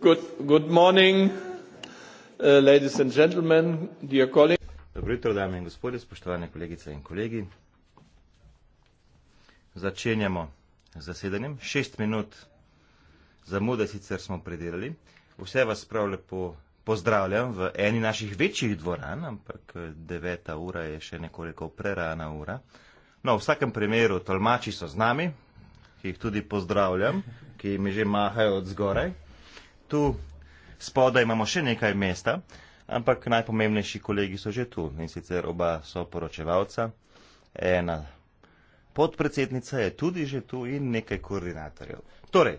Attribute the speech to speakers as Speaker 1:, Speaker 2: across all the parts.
Speaker 1: Good, good morning, uh, ladies and gentlemen, dear
Speaker 2: colleagues. Dobro jutro, dame in gospodje, spoštovane kolegice in kolegi. Začenjamo z zasedanjem. Šest minut zamude sicer smo predelali. Vse vas prav lepo pozdravljam v eni naših večjih dvoran, ampak eh, deveta ura je še nekoliko prerana ura. No, v vsakem primeru tolmači so z nami, ki jih tudi pozdravljam, ki mi že mahajo od zgoraj. Tu spodaj imamo še nekaj mesta, ampak najpomembnejši kolegi so že tu in sicer oba so poročevalca. Ena podpredsednica je tudi že tu in nekaj koordinatorjev. Torej,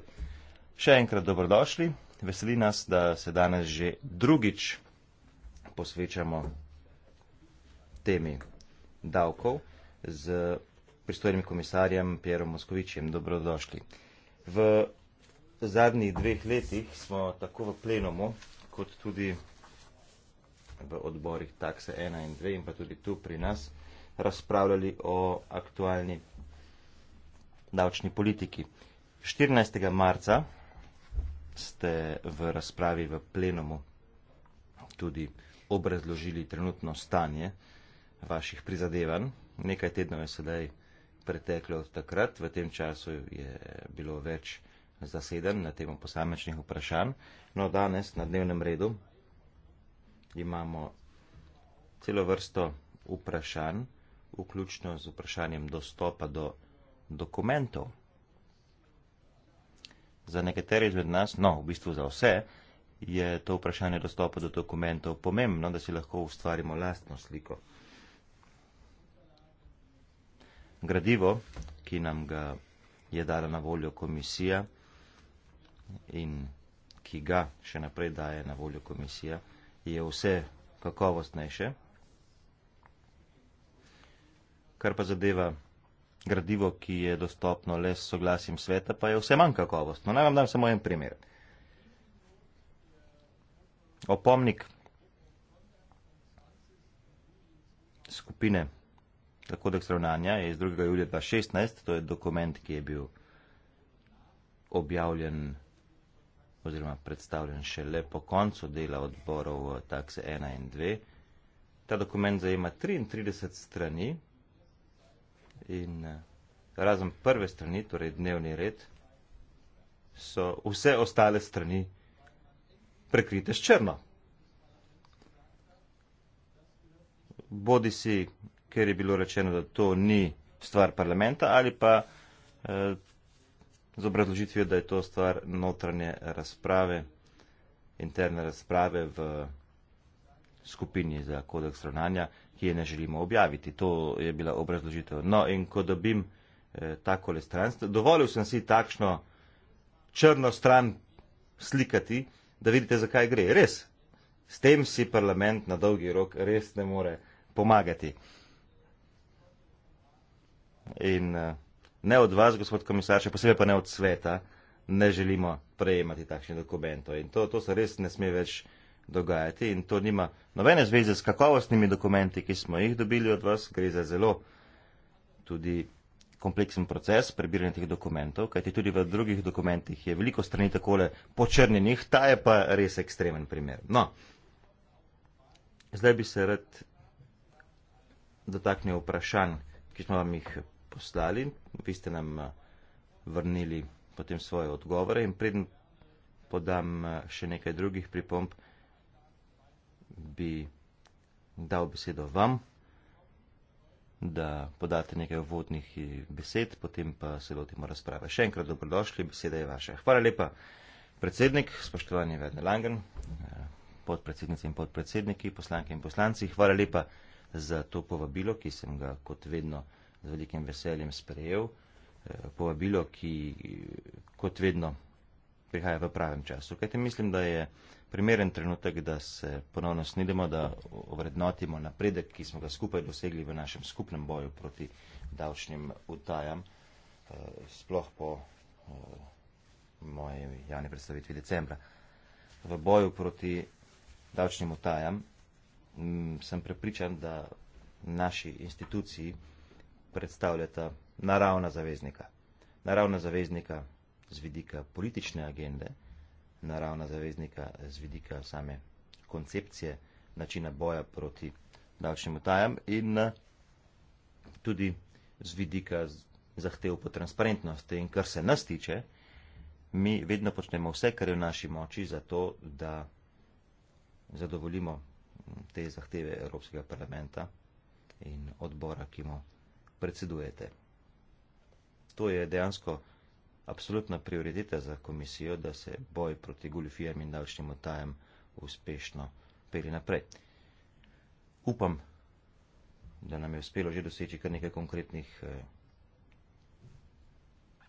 Speaker 2: še enkrat dobrodošli. Veseli nas, da se danes že drugič posvečamo temi davkov z pristojnim komisarjem Pierom Moskovičem. Dobrodošli. V zadnjih dveh letih smo tako v plenumu, kot tudi v odborih takse 1 in 2 in pa tudi tu pri nas razpravljali o aktualni davčni politiki. 14. marca ste v razpravi v plenumu tudi obrazložili trenutno stanje vaših prizadevanj. Nekaj tednov je sedaj preteklo od takrat. V tem času je bilo več zaseden na temo posamečnih vprašanj. No, danes na dnevnem redu imamo celo vrsto vprašanj, vključno z vprašanjem dostopa do dokumentov. Za nekatere izmed nas, no, v bistvu za vse, je to vprašanje dostopa do dokumentov pomembno, da si lahko ustvarimo lastno sliko gradivo, ki nam ga je dala na voljo komisija in ki ga še naprej daje na voljo komisija, je vse kakovostnejše. Kar pa zadeva gradivo, ki je dostopno le s soglasjem sveta, pa je vse manj kakovostno. Naj vam dam samo en primer. Opomnik skupine kodeks ravnanja je iz 2. julija 2016, to je dokument, ki je bil objavljen oziroma predstavljen šele po koncu dela odborov takse 1 in 2. Ta dokument zajema 33 strani in eh, razen prve strani, torej dnevni red, so vse ostale strani prekrite s črno. Bodi si ker je bilo rečeno, da to ni stvar parlamenta ali pa eh, z obrazložitvijo, da je to stvar notranje razprave, interne razprave v skupini za kodeks ravnanja, ki je ne želimo objaviti. To je bila obrazložitev. No in ko dobim eh, tako le stranstvo, dovolil sem si takšno črno stran slikati, da vidite, zakaj gre. Res, s tem si parlament na dolgi rok res ne more pomagati. In eh, ne od vas, gospod komisar, še posebej pa ne od sveta, ne želimo prejemati takšnih dokumentov. In to, to se res ne sme več dogajati in to nima nobene zveze s kakovostnimi dokumenti, ki smo jih dobili od vas. Gre za zelo tudi kompleksen proces prebiranja teh dokumentov, kajti tudi v drugih dokumentih je veliko strani takole počrnjenih, ta je pa res ekstremen primer. No, zdaj bi se rad dotaknil vprašanj, ki smo vam jih poslali, vi ste nam eh, vrnili potem svoje odgovore in predn podam eh, še nekaj drugih pripomb, bi dal besedo vam, da podate nekaj uvodnih eh, besed, potem pa se lotimo razprave. Še enkrat dobrodošli, beseda je vaša. Hvala lepa, predsednik, spoštovanje Verne Langen, podpredsednice in podpredsedniki, poslanke in poslanci, hvala lepa za to povabilo, ki sem ga kot vedno vzpravljal z velikim veseljem sprejel eh, povabilo, ki kot vedno prihaja v pravem času. Kajte mislim, da je primeren trenutek, da se ponovno snidemo, da ovrednotimo napredek, ki smo ga skupaj dosegli v našem skupnem boju proti davčnim utajam, eh, sploh po eh, moji javni predstavitvi decembra. V boju proti davčnim utajam mm, sem prepričan, da naši instituciji predstavljata naravna zaveznika. Naravna zaveznika z vidika politične agende, naravna zaveznika z vidika same koncepcije, načina boja proti davčnim utajam in tudi z vidika zahtev po transparentnosti. In kar se nas tiče, mi vedno počnemo vse, kar je v naši moči, zato da zadovoljimo te zahteve Evropskega parlamenta in odbora, ki mu predsedujete. To je dejansko absolutna prioriteta za komisijo, da se boj proti goljufijam in davčnim otajem uspešno peli naprej. Upam, da nam je uspelo že doseči kar nekaj konkretnih eh,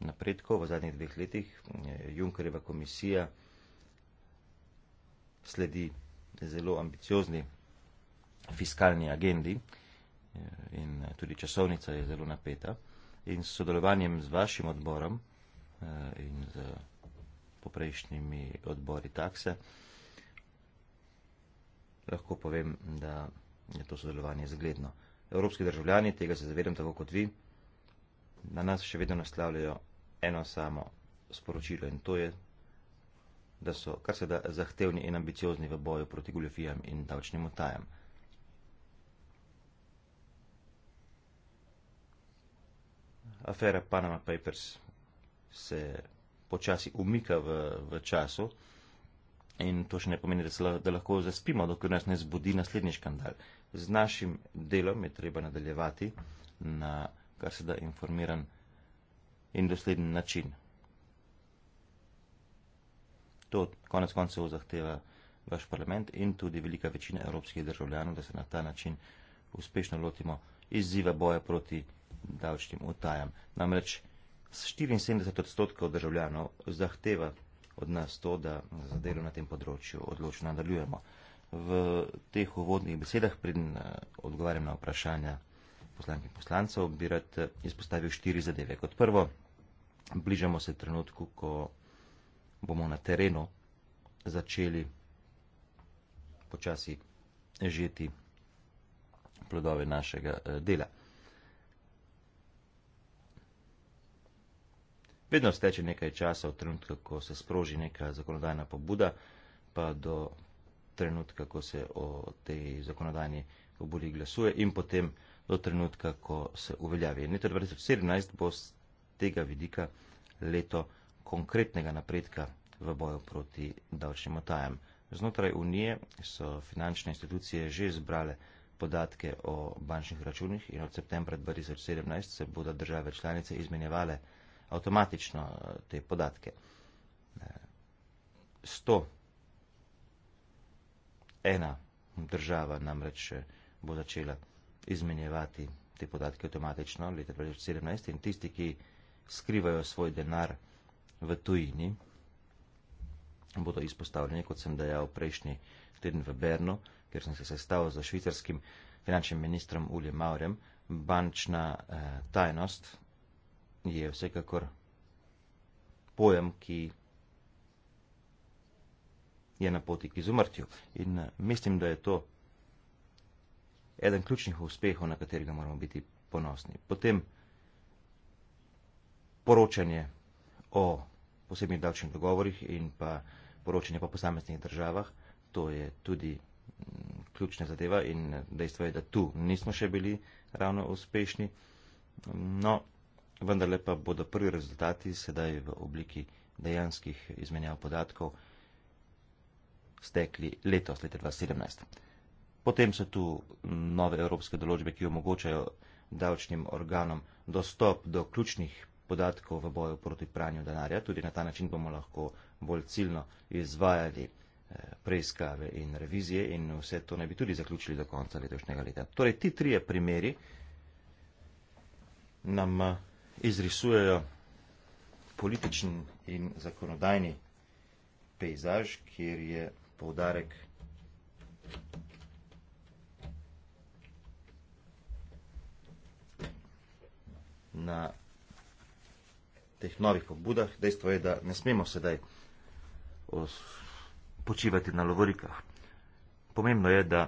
Speaker 2: napredkov v zadnjih dveh letih. Eh, Junkereva komisija sledi zelo ambiciozni fiskalni agendi in eh, tudi časovnica je zelo napeta. In s sodelovanjem z vašim odborom eh, in z poprejšnjimi odbori takse, lahko povem, da je to sodelovanje zgledno. Evropski državljani, tega se zavedam tako kot vi, na nas še vedno naslavljajo eno samo sporočilo in to je, da so kar se da zahtevni in ambiciozni v boju proti goljofijam in davčnim utajam. afera Panama Papers se počasi umika v, v času in to še ne pomeni, da, se, da lahko zaspimo, dokler nas ne zbudi naslednji škandal. Z našim delom je treba nadaljevati na kar se da informiran in dosleden način. To konec koncev zahteva vaš parlament in tudi velika večina evropskih državljanov, da se na ta način uspešno lotimo izziva boja proti davčnim utajam. Namreč 74 odstotkov državljanov zahteva od nas to, da za delo na tem področju odločno nadaljujemo. V teh uvodnih besedah, predn eh, odgovarjam na vprašanja poslank in poslancev, bi rad eh, izpostavil štiri zadeve. Kot prvo, bližamo se trenutku, ko bomo na terenu začeli počasi žeti plodove našega eh, dela. Vedno steče nekaj časa od trenutka, ko se sproži neka zakonodajna pobuda, pa do trenutka, ko se o tej zakonodajni pobudi glasuje in potem do trenutka, ko se uveljavi. Leto 2017 bo z tega vidika leto konkretnega napredka v boju proti davčnim otajem. Znotraj Unije so finančne institucije že zbrale podatke o bančnih računih in od septembra 2017 se bodo države članice izmenjevale avtomatično eh, te podatke. 100 eh, ena država namreč eh, bo začela izmenjevati te podatke avtomatično leta 2017 in tisti, ki skrivajo svoj denar v tujini, bodo izpostavljeni, kot sem dejal prejšnji teden v Bernu, kjer sem se sestavil za švicarskim finančnim ministrom Ulje Maurem, bančna eh, tajnost, je vsekakor pojem, ki je na poti k izumrtju. In eh, mislim, da je to eden ključnih uspehov, na katerega moramo biti ponosni. Potem poročanje o posebnih davčnih dogovorih in pa poročanje po posameznih državah, to je tudi mm, ključna zadeva in eh, dejstvo je, da tu nismo še bili ravno uspešni. No, vendar lepa bodo prvi rezultati sedaj v obliki dejanskih izmenjav podatkov stekli letos, leta 2017. Potem so tu nove evropske določbe, ki omogočajo davčnim organom dostop do ključnih podatkov v boju proti pranju denarja. Tudi na ta način bomo lahko bolj ciljno izvajali eh, preiskave in revizije in vse to naj bi tudi zaključili do konca letošnjega leta. Torej, ti trije primeri nam izrisujejo političen in zakonodajni pejzaž, kjer je poudarek na teh novih pobudah. Dejstvo je, da ne smemo sedaj počivati na lovorikah. Pomembno je, da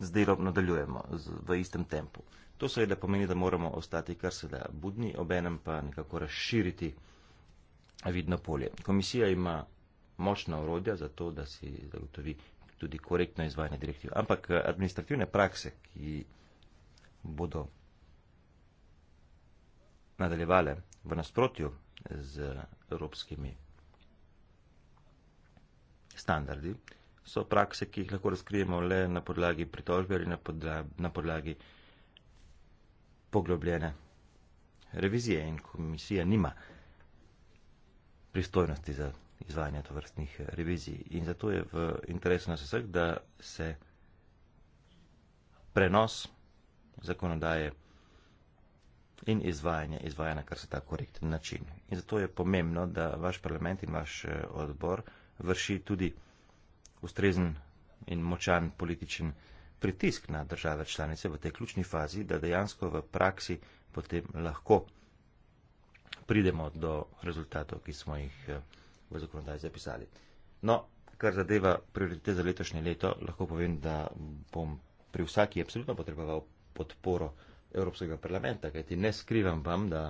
Speaker 2: zdaj nadaljujemo v istem tempu. To seveda pomeni, da moramo ostati kar se da budni, obenem pa nekako razširiti vidno polje. Komisija ima močna urodja za to, da si zagotovi tudi korektno izvajanje direktiv. Ampak eh, administrativne prakse, ki bodo nadaljevale v nasprotju z evropskimi standardi, so prakse, ki jih lahko razkrijemo le na podlagi pritožbe ali na podlagi, na podlagi poglobljene. Revizija in komisija nima pristojnosti za izvajanje tovrstnih revizij in zato je v interesu nas vseh, da se prenos zakonodaje in izvajanje izvaja na kar se ta korekten način. In zato je pomembno, da vaš parlament in vaš eh, odbor vrši tudi ustrezen in močan političen pritisk na države članice v tej ključni fazi, da dejansko v praksi potem lahko pridemo do rezultatov, ki smo jih eh, v zakonodaji zapisali. No, kar zadeva prioritete za letošnje leto, lahko povem, da bom pri vsaki absolutno potreboval podporo Evropskega parlamenta, kajti ne skrivam vam, da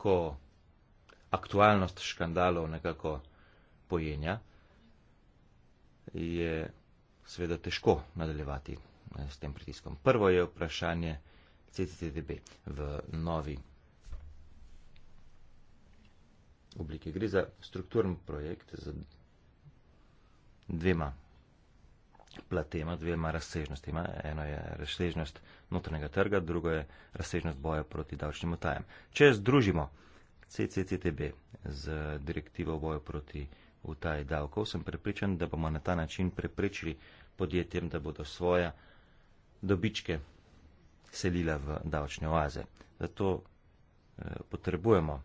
Speaker 2: ko aktualnost škandalov nekako pojenja, je seveda težko nadaljevati eh, s tem pritiskom. Prvo je vprašanje CCTB v novi obliki. Gre za strukturni projekt z dvema platema, dvema razsežnostima. Eno je razsežnost notranjega trga, drugo je razsežnost boja proti davčnim utajam. Če združimo CCTB z direktivo boja proti utaj davkov, sem prepričan, da bomo na ta način preprečili podjetjem, da bodo svoje dobičke selila v davčne oaze. Zato eh, potrebujemo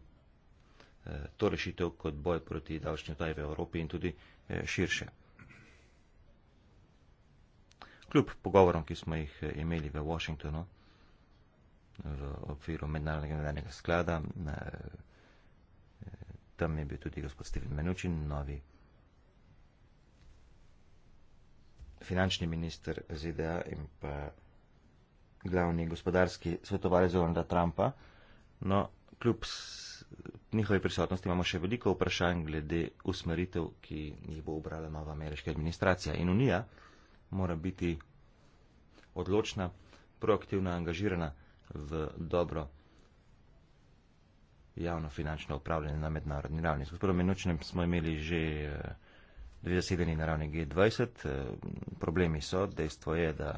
Speaker 2: eh, to rešitev kot boj proti davčni utaji v Evropi in tudi eh, širše. Kljub pogovorom, ki smo jih eh, imeli v Washingtonu v okviru mednarodnega sklada, eh, tam je bil tudi gospod Steven Menučin, novi finančni minister ZDA in pa glavni gospodarski svetovalec Donalda Trumpa. No, kljub njihovi prisotnosti imamo še veliko vprašanj glede usmeritev, ki jih bo obrala nova ameriška administracija. In Unija mora biti odločna, proaktivna, angažirana v dobro javno finančno upravljanje na mednarodni ravni. S gospodom Menučnem smo imeli že eh, dve zasedeni na ravni G20. Eh, problemi so, dejstvo je, da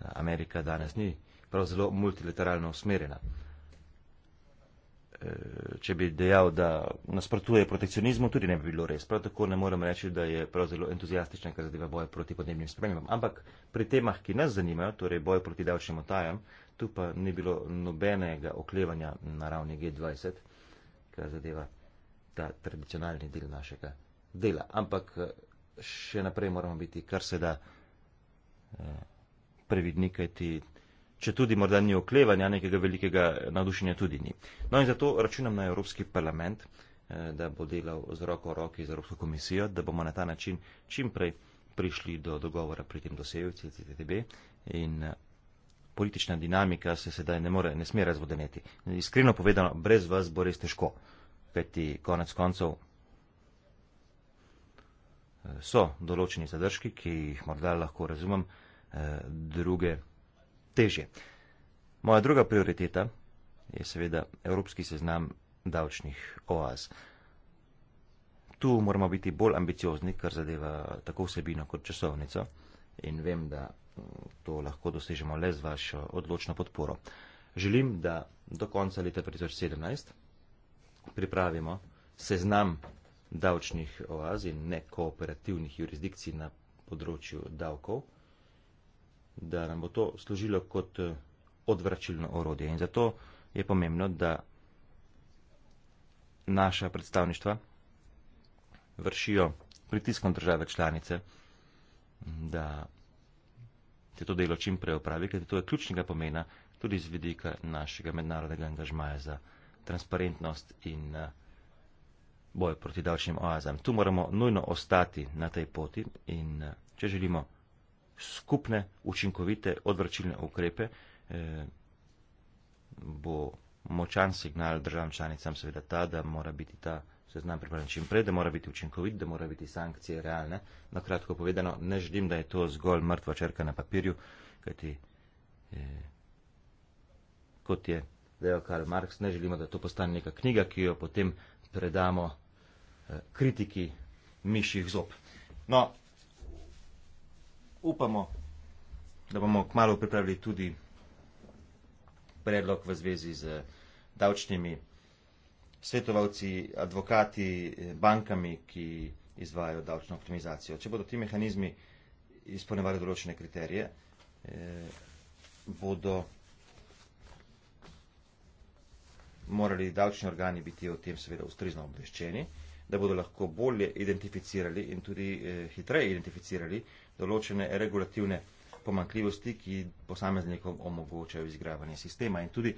Speaker 2: eh, Amerika danes ni prav zelo multilateralno usmerjena. Če bi dejal, da nasprotuje protekcionizmu, tudi ne bi bilo res. Prav tako ne morem reči, da je prav zelo entuzijastičen, kar zadeva boje proti podnebnim spremembam. Ampak pri temah, ki nas zanimajo, torej boje proti davčnim otajam, tu pa ni bilo nobenega oklevanja na ravni G20 kar zadeva ta tradicionalni del našega dela. Ampak eh, še naprej moramo biti kar se da eh, previdni, kajti če tudi morda ni oklevanja, nekega velikega nadušenja tudi ni. No in zato računam na Evropski parlament, eh, da bo delal z roko roki z Evropsko komisijo, da bomo na ta način čim prej prišli do dogovora pri tem dosevcu CTTB in politična dinamika se sedaj ne, more, ne sme razvodeneti. Iskreno povedano, brez vas bo res težko, kajti konec koncev eh, so določeni zadržki, ki jih morda lahko razumem, eh, druge težje. Moja druga prioriteta je seveda evropski seznam davčnih oaz. Tu moramo biti bolj ambiciozni, kar zadeva tako vsebino kot časovnico. In vem, da to lahko dosežemo le z vašo odločno podporo. Želim, da do konca leta 2017 pripravimo seznam davčnih oaz in nekooperativnih jurisdikcij na področju davkov, da nam bo to služilo kot eh, odvračilno orodje. In zato je pomembno, da naša predstavništva vršijo pritiskom države članice, da te to delo čim prej opravi, ker to je ključnega pomena tudi z vidika našega mednarodnega angažmaja za transparentnost in eh, boj proti davčnim oazam. Tu moramo nujno ostati na tej poti in eh, če želimo skupne, učinkovite, odvračilne ukrepe, eh, bo močan signal državam članicam seveda ta, da mora biti ta se znam pripraviti čim prej, da mora biti učinkovit, da mora biti sankcije realne. Na kratko povedano, ne želim, da je to zgolj mrtva črka na papirju, kajti eh, kot je dejal Karl Marx, ne želimo, da to postane neka knjiga, ki jo potem predamo eh, kritiki mišjih zob. No, upamo, da bomo kmalo pripravili tudi predlog v zvezi z davčnimi. Eh, svetovalci, advokati eh, bankami, ki izvajajo davčno optimizacijo. Če bodo ti mehanizmi izpolnevali določene kriterije, eh, bodo morali davčni organi biti o tem seveda ustrezno obveščeni, da bodo lahko bolje identificirali in tudi eh, hitreje identificirali določene regulativne pomankljivosti, ki posameznikom omogočajo izigravanje sistema in tudi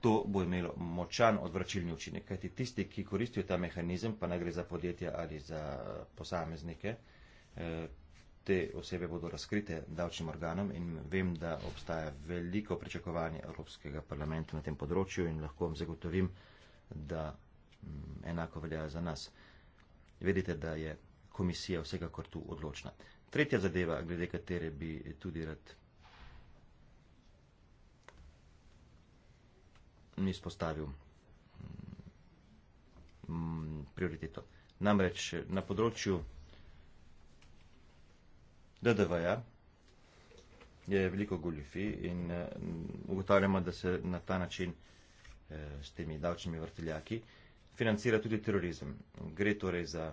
Speaker 2: to bo imelo močan odvračilni učinek. Kajti tisti, ki koristijo ta mehanizem, pa ne gre za podjetja ali za eh, posameznike, eh, te osebe bodo razkrite davčnim organom in vem, da obstaja veliko pričakovanje Evropskega parlamenta na tem področju in lahko vam zagotovim, da mm, enako velja za nas. Vedite, da je komisija vsega kar tu odločna. Tretja zadeva, glede katere bi tudi rad ni spostavil mm, prioriteto. Namreč na področju DDV-ja je veliko goljufi in mm, ugotavljamo, da se na ta način eh, s temi davčnimi vrteljaki financira tudi terorizem. Gre torej za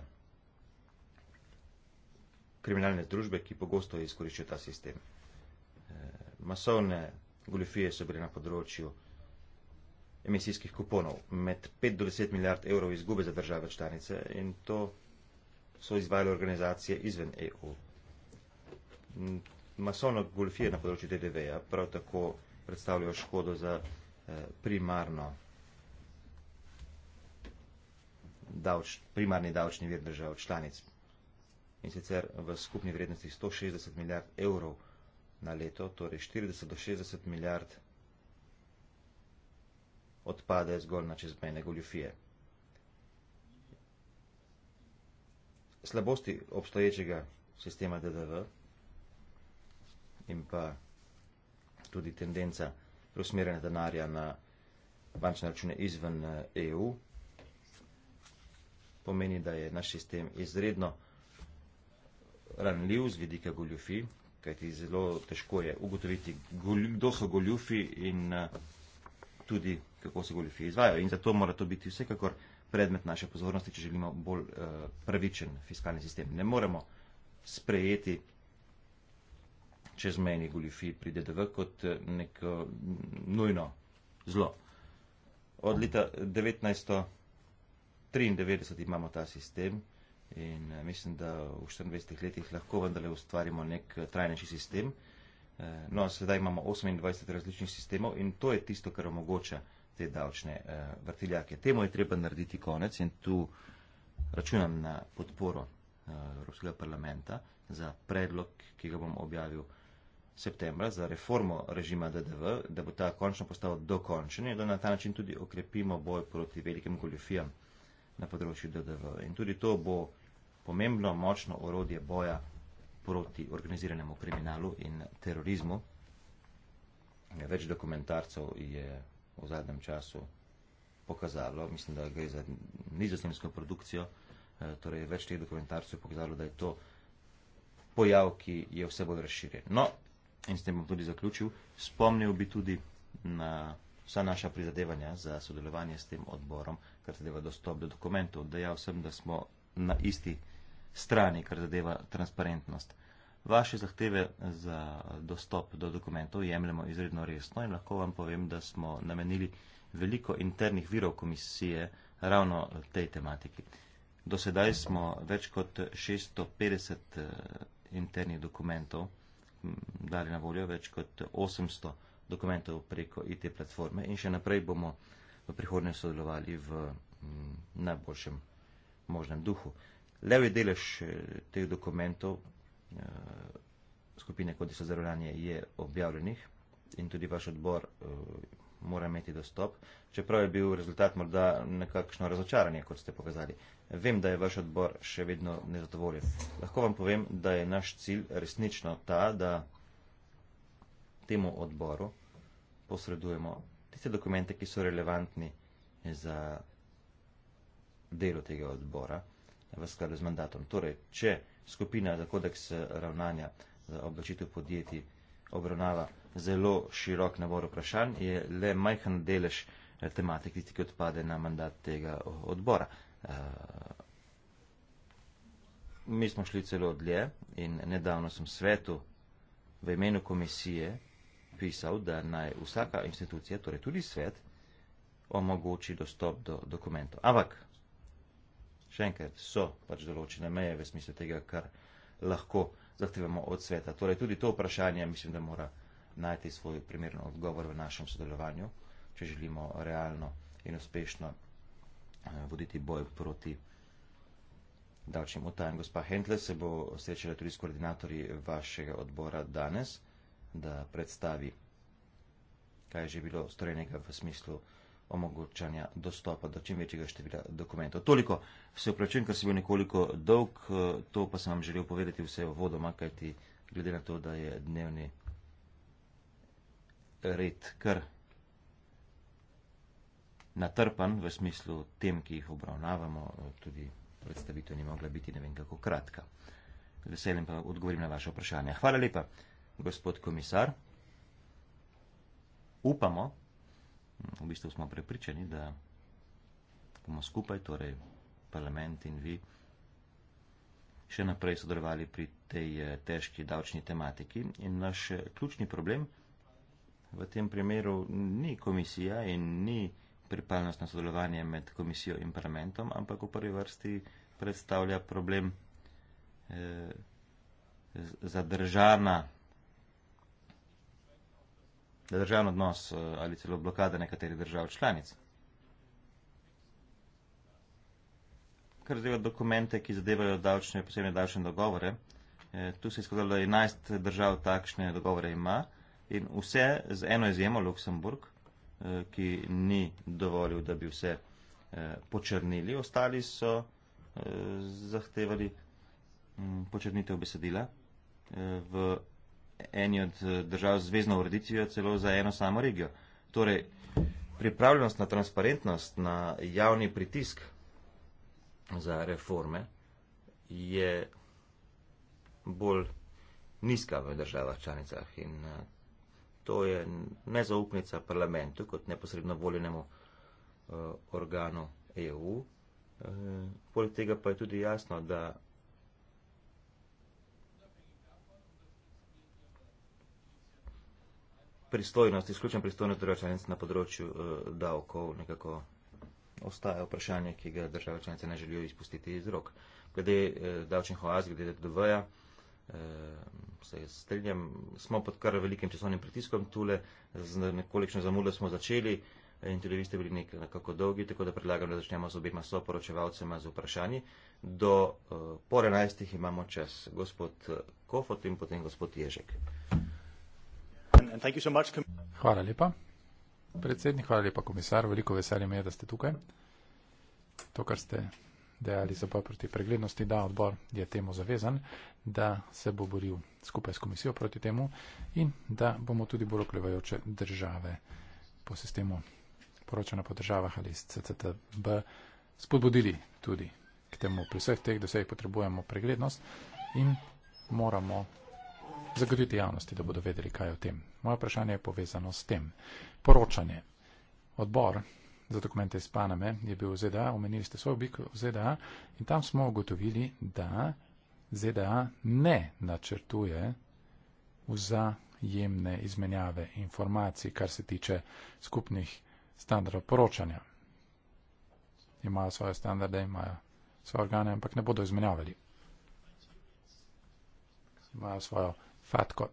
Speaker 2: kriminalne združbe, ki pogosto izkoriščajo ta sistem. Eh, masovne goljufije so bile na področju DDV-ja, emisijskih kuponov, med 5 do 10 milijard evrov izgube za države članice in to so izvajale organizacije izven EU. Masovno golfije na področju DDV-ja prav tako predstavljajo škodo za eh, primarno davč, primarni davčni vir držav članic. In sicer v skupni vrednosti 160 milijard evrov na leto, torej 40 do 60 milijard evrov odpade zgolj na čezmejne goljufije. Slabosti obstoječega sistema DDV in pa tudi tendenca preusmerjanja denarja na bančne račune izven EU eh, e pomeni, da je naš sistem izredno ranljiv z vidika goljufi, kajti zelo težko je ugotoviti, kdo so goljufi in eh, tudi kako se goljufije izvajo. In zato mora to biti vsekakor predmet naše pozornosti, če želimo bolj uh, pravičen fiskalni sistem. Ne moremo sprejeti čezmejni goljufij pri DDV kot eh, neko nujno zlo. Od leta 1993 imamo ta sistem in eh, mislim, da v 24 letih lahko vendarle ustvarimo nek trajnejši sistem. No, sedaj imamo 28 različnih sistemov in to je tisto, kar omogoča uh, te davčne uh, eh, vrteljake. Temu je treba narediti konec in tu računam na podporo uh, Evropskega parlamenta za predlog, ki ga bom objavil septembra, za reformo režima DDV, da bo ta končno postal dokončen in da na ta način tudi okrepimo boj proti velikim goljofijam na področju DDV. In tudi to bo pomembno, močno orodje boja proti organiziranemu kriminalu in terorizmu. Več dokumentarcev je v zadnjem času pokazalo, mislim, da gre za nizozemsko produkcijo, eh, torej več teh dokumentarcev je pokazalo, da je to pojav, ki je vse bolj razširjen. No, in s tem bom tudi zaključil, spomnil bi tudi na vsa naša prizadevanja za sodelovanje s tem odborom, kar zadeva dostop do dokumentov, da ja vsem, da smo na isti strani, kar zadeva transparentnost. Vaše zahteve za dostop do dokumentov jemljemo izredno resno in lahko vam povem, da smo namenili veliko internih virov komisije ravno tej tematiki. Do sedaj smo več kot 650 eh, internih dokumentov hm, dali na voljo, več kot 800 dokumentov preko IT platforme in še naprej bomo v prihodnje sodelovali v hm, najboljšem možnem duhu. Levi delež eh, teh dokumentov Eh, skupine Kodi za zdravljanje je objavljenih in tudi vaš odbor eh, mora imeti dostop, čeprav je bil rezultat morda nekakšno razočaranje, kot ste pokazali. Vem, da je vaš odbor še vedno nezadovoljen. Lahko vam povem, da je naš cilj resnično ta, da temu odboru posredujemo tiste dokumente, ki so relevantni za delo tega odbora v skladu z mandatom. Torej, če skupina za kodeks ravnanja za oblačitev podjetij obravnava zelo širok nabor vprašanj, je le majhen delež eh, tematik, ki odpade na mandat tega odbora. Eh, mi smo šli celo dlje in nedavno sem svetu v imenu komisije pisal, da naj vsaka institucija, torej tudi svet, omogoči dostop do dokumentov. Ampak še enkrat, so pač določene meje v smislu tega, kar lahko zahtevamo od sveta. Torej tudi to vprašanje mislim, da mora najti svoj primern odgovor v našem sodelovanju, če želimo realno in uspešno eh, voditi boj proti davčnim utajem. Gospa Hentle se bo srečala tudi s koordinatorji vašega odbora danes, da predstavi, kaj je že bilo storjenega v smislu omogočanja dostopa do čim večjega števila dokumentov. Toliko, vse vprašanje, ker sem bil nekoliko dolg, eh, to pa sem vam želel povedati vse v vodoma, kajti glede na to, da je dnevni red kar natrpan v smislu tem, ki jih obravnavamo, eh, tudi predstavitev ni mogla biti ne vem kako kratka. Veselim pa odgovorim na vaše vprašanje. Hvala lepa, gospod komisar. Upamo, v bistvu smo prepričani, da bomo skupaj, torej parlament in vi, še naprej sodelovali pri tej eh, težki davčni tematiki. In naš eh, ključni problem v tem primeru ni komisija in ni pripravljenost na sodelovanje med komisijo in parlamentom, ampak v prvi vrsti predstavlja problem eh, zadržana na državni odnos eh, ali celo blokada nekaterih držav članic. Kar zadeva dokumente, ki zadevajo davčne, posebne davčne dogovore, eh, tu se je skozi 11 držav takšne dogovore ima in vse z eno izjemo, Luksemburg, eh, ki ni dovolil, da bi vse počrnili, ostali so zahtevali mm, počrnitev besedila v eni od eh, držav z zvezdno ureditvijo celo za eno samo regijo. Torej, pripravljenost na transparentnost, na javni pritisk za reforme je bolj nizka v državah članicah in eh, to je nezaupnica parlamentu kot neposredno voljenemu eh, organu EU. Poleg tega pa je tudi jasno, da pristojnost, izključen pristojnost države članice na področju uh, davkov, nekako ostaje vprašanje, ki ga države članice ne želijo izpustiti iz rok. Glede uh, davčnih oaz, glede DDV-ja, uh, se strinjam, smo pod kar velikim časovnim pritiskom tule, z nekolikšno zamudo smo začeli in tudi vi ste bili nekako dolgi, tako da predlagam, da začnemo z obima soporočevalcema z vprašanji. Do uh, pol enajstih imamo čas gospod Kofot in potem
Speaker 1: gospod Ježek.
Speaker 2: Hvala
Speaker 1: lepa, predsednik, hvala lepa, komisar. Veliko veselje me je, da ste tukaj. To, kar ste dejali za boj proti preglednosti, da odbor je temu zavezan, da se bo boril skupaj s komisijo proti temu in da bomo tudi bolj oklevajoče države po sistemu poročanja po državah ali CCTB spodbudili tudi k temu. Pri vseh teh dosegih potrebujemo preglednost in moramo zagotoviti javnosti, da bodo vedeli, kaj je o tem. Moje vprašanje je povezano s tem. Poročanje. Odbor za dokumente iz Paname je bil v ZDA, omenili ste svoj obik v ZDA in tam smo ugotovili, da ZDA ne načrtuje vzajemne izmenjave informacij, kar se tiče skupnih standardov poročanja. Imajo svoje standarde, imajo svoje organe, ampak ne bodo izmenjavali. Imajo svojo fatko.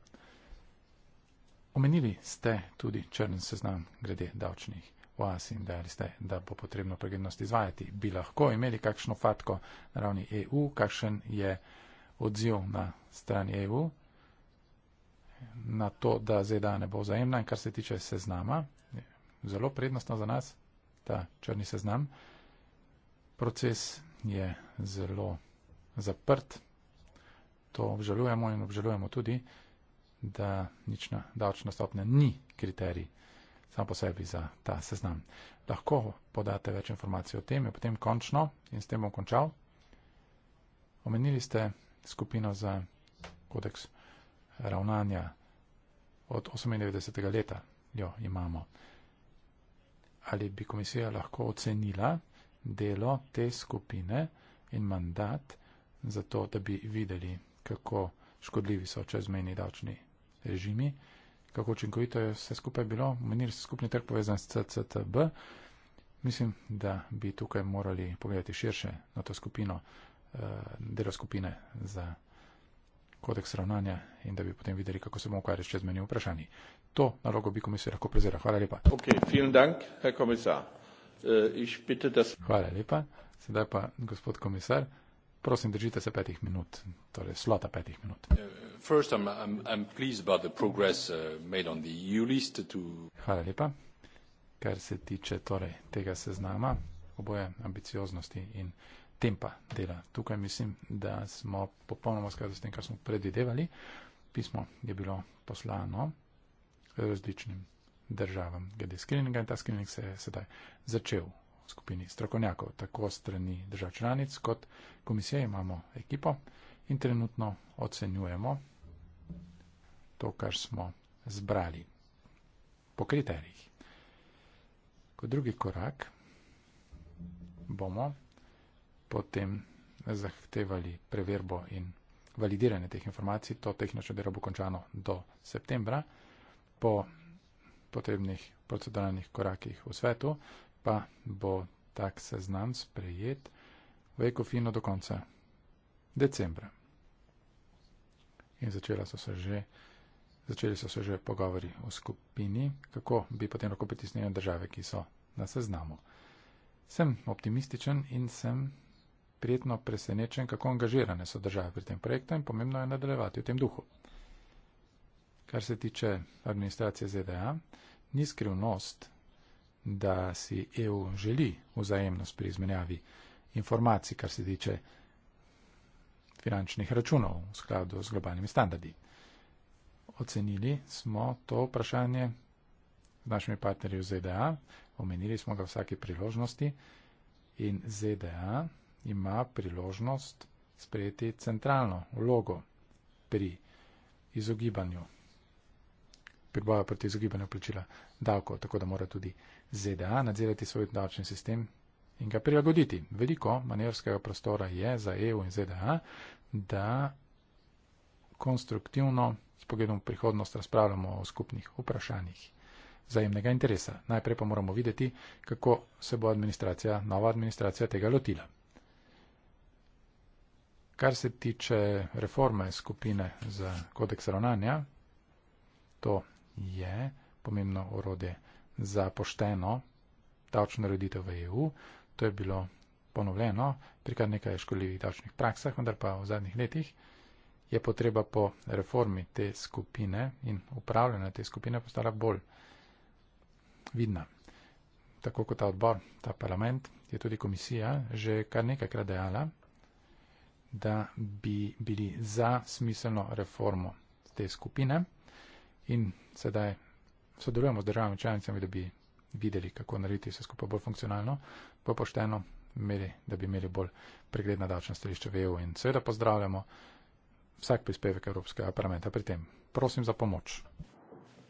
Speaker 1: Omenili ste tudi črn seznam glede davčnih oaz in dejali ste, da bo potrebno preglednost izvajati. Bi lahko imeli kakšno fatko na ravni EU, kakšen je odziv na strani EU na to, da ZDA ne bo vzajemna in kar se tiče seznama, zelo prednostno za nas, ta črni seznam. Proces je zelo zaprt, to obžalujemo in obžalujemo tudi da nična davčna stopnja ni kriterij sam po sebi za ta seznam. Lahko podate več informacij o tem, je potem končno in s tem bom končal. Omenili ste skupino za kodeks ravnanja od 98. leta, jo imamo. Ali bi komisija lahko ocenila delo te skupine in mandat za to, da bi videli, kako škodljivi so čezmeni davčni režimi, kako učinkovito je vse skupaj bilo, menili so skupni trg povezan s CCTB. Mislim, da bi tukaj morali pogledati širše na to skupino, eh, delo skupine za kodeks ravnanja in da bi potem videli, kako se bomo ukvarjali s čezmenjim vprašanjem. To nalogo bi komisija lahko prezera. Hvala lepa. Okay, dank, Herr uh, ich bitte das... Hvala lepa. Sedaj pa gospod komisar. Prosim, držite se petih minut, torej slota petih minut. Uh,
Speaker 3: uh, e
Speaker 1: Hvala lepa. Kar se tiče torej tega seznama, oboje ambicioznosti in tempa dela. Tukaj mislim, da smo popolnoma skladni s tem, kar smo predvidevali. Pismo je bilo poslano različnim državam glede skrininga in ta skrining se je sedaj začel skupini strokovnjakov, tako strani držav članic kot komisije imamo ekipo in trenutno ocenjujemo to, kar smo zbrali po kriterijih. Kot drugi korak bomo potem zahtevali preverbo in validiranje teh informacij. To tehnično delo bo končano do septembra. Po potrebnih proceduralnih korakih v svetu pa bo tak seznam sprejet v Ekofino do konca decembra. In začela so se že. Začeli so se že pogovori o skupini, kako bi potem lahko pritisnili države, ki so na seznamu. Sem optimističen in sem prijetno presenečen, kako angažirane so države pri tem projektu in pomembno je nadaljevati v tem duhu. Kar se tiče administracije ZDA, ni skrivnost, da si EU želi vzajemnost pri izmenjavi informacij, kar se tiče finančnih računov v skladu z globalnimi standardi. Ocenili smo to vprašanje z našimi partnerji v ZDA, omenili smo ga vsake priložnosti in ZDA ima priložnost sprejeti centralno vlogo pri izogibanju, pri boju proti izogibanju plačila davkov, tako da mora tudi ZDA nadzirati svoj davčni sistem in ga prilagoditi. Veliko manevrskega prostora je za EU in ZDA, da konstruktivno s pogledom v prihodnost razpravljamo o skupnih vprašanjih vzajemnega interesa. Najprej pa moramo videti, kako se bo administracija, nova administracija tega lotila. Kar se tiče reforme skupine za kodeks ravnanja, to je pomembno orode za pošteno davčno ureditev v EU. To je bilo ponovljeno pri kar nekaj škodljivih davčnih praksah, vendar pa v zadnjih letih je potreba po reformi te skupine in upravljanju te skupine postala bolj vidna. Tako kot ta odbor, ta parlament, je tudi komisija že kar nekajkrat dejala, da bi bili za smiselno reformo te skupine in sedaj sodelujemo z državami članicami, da bi videli, kako narediti vse skupaj bolj funkcionalno, bolj pošteno, imeli, da bi imeli bolj pregledna davčna stališča v EU. In seveda pozdravljamo vsak prispevek Evropskega parlamenta pri tem. Prosim za pomoč.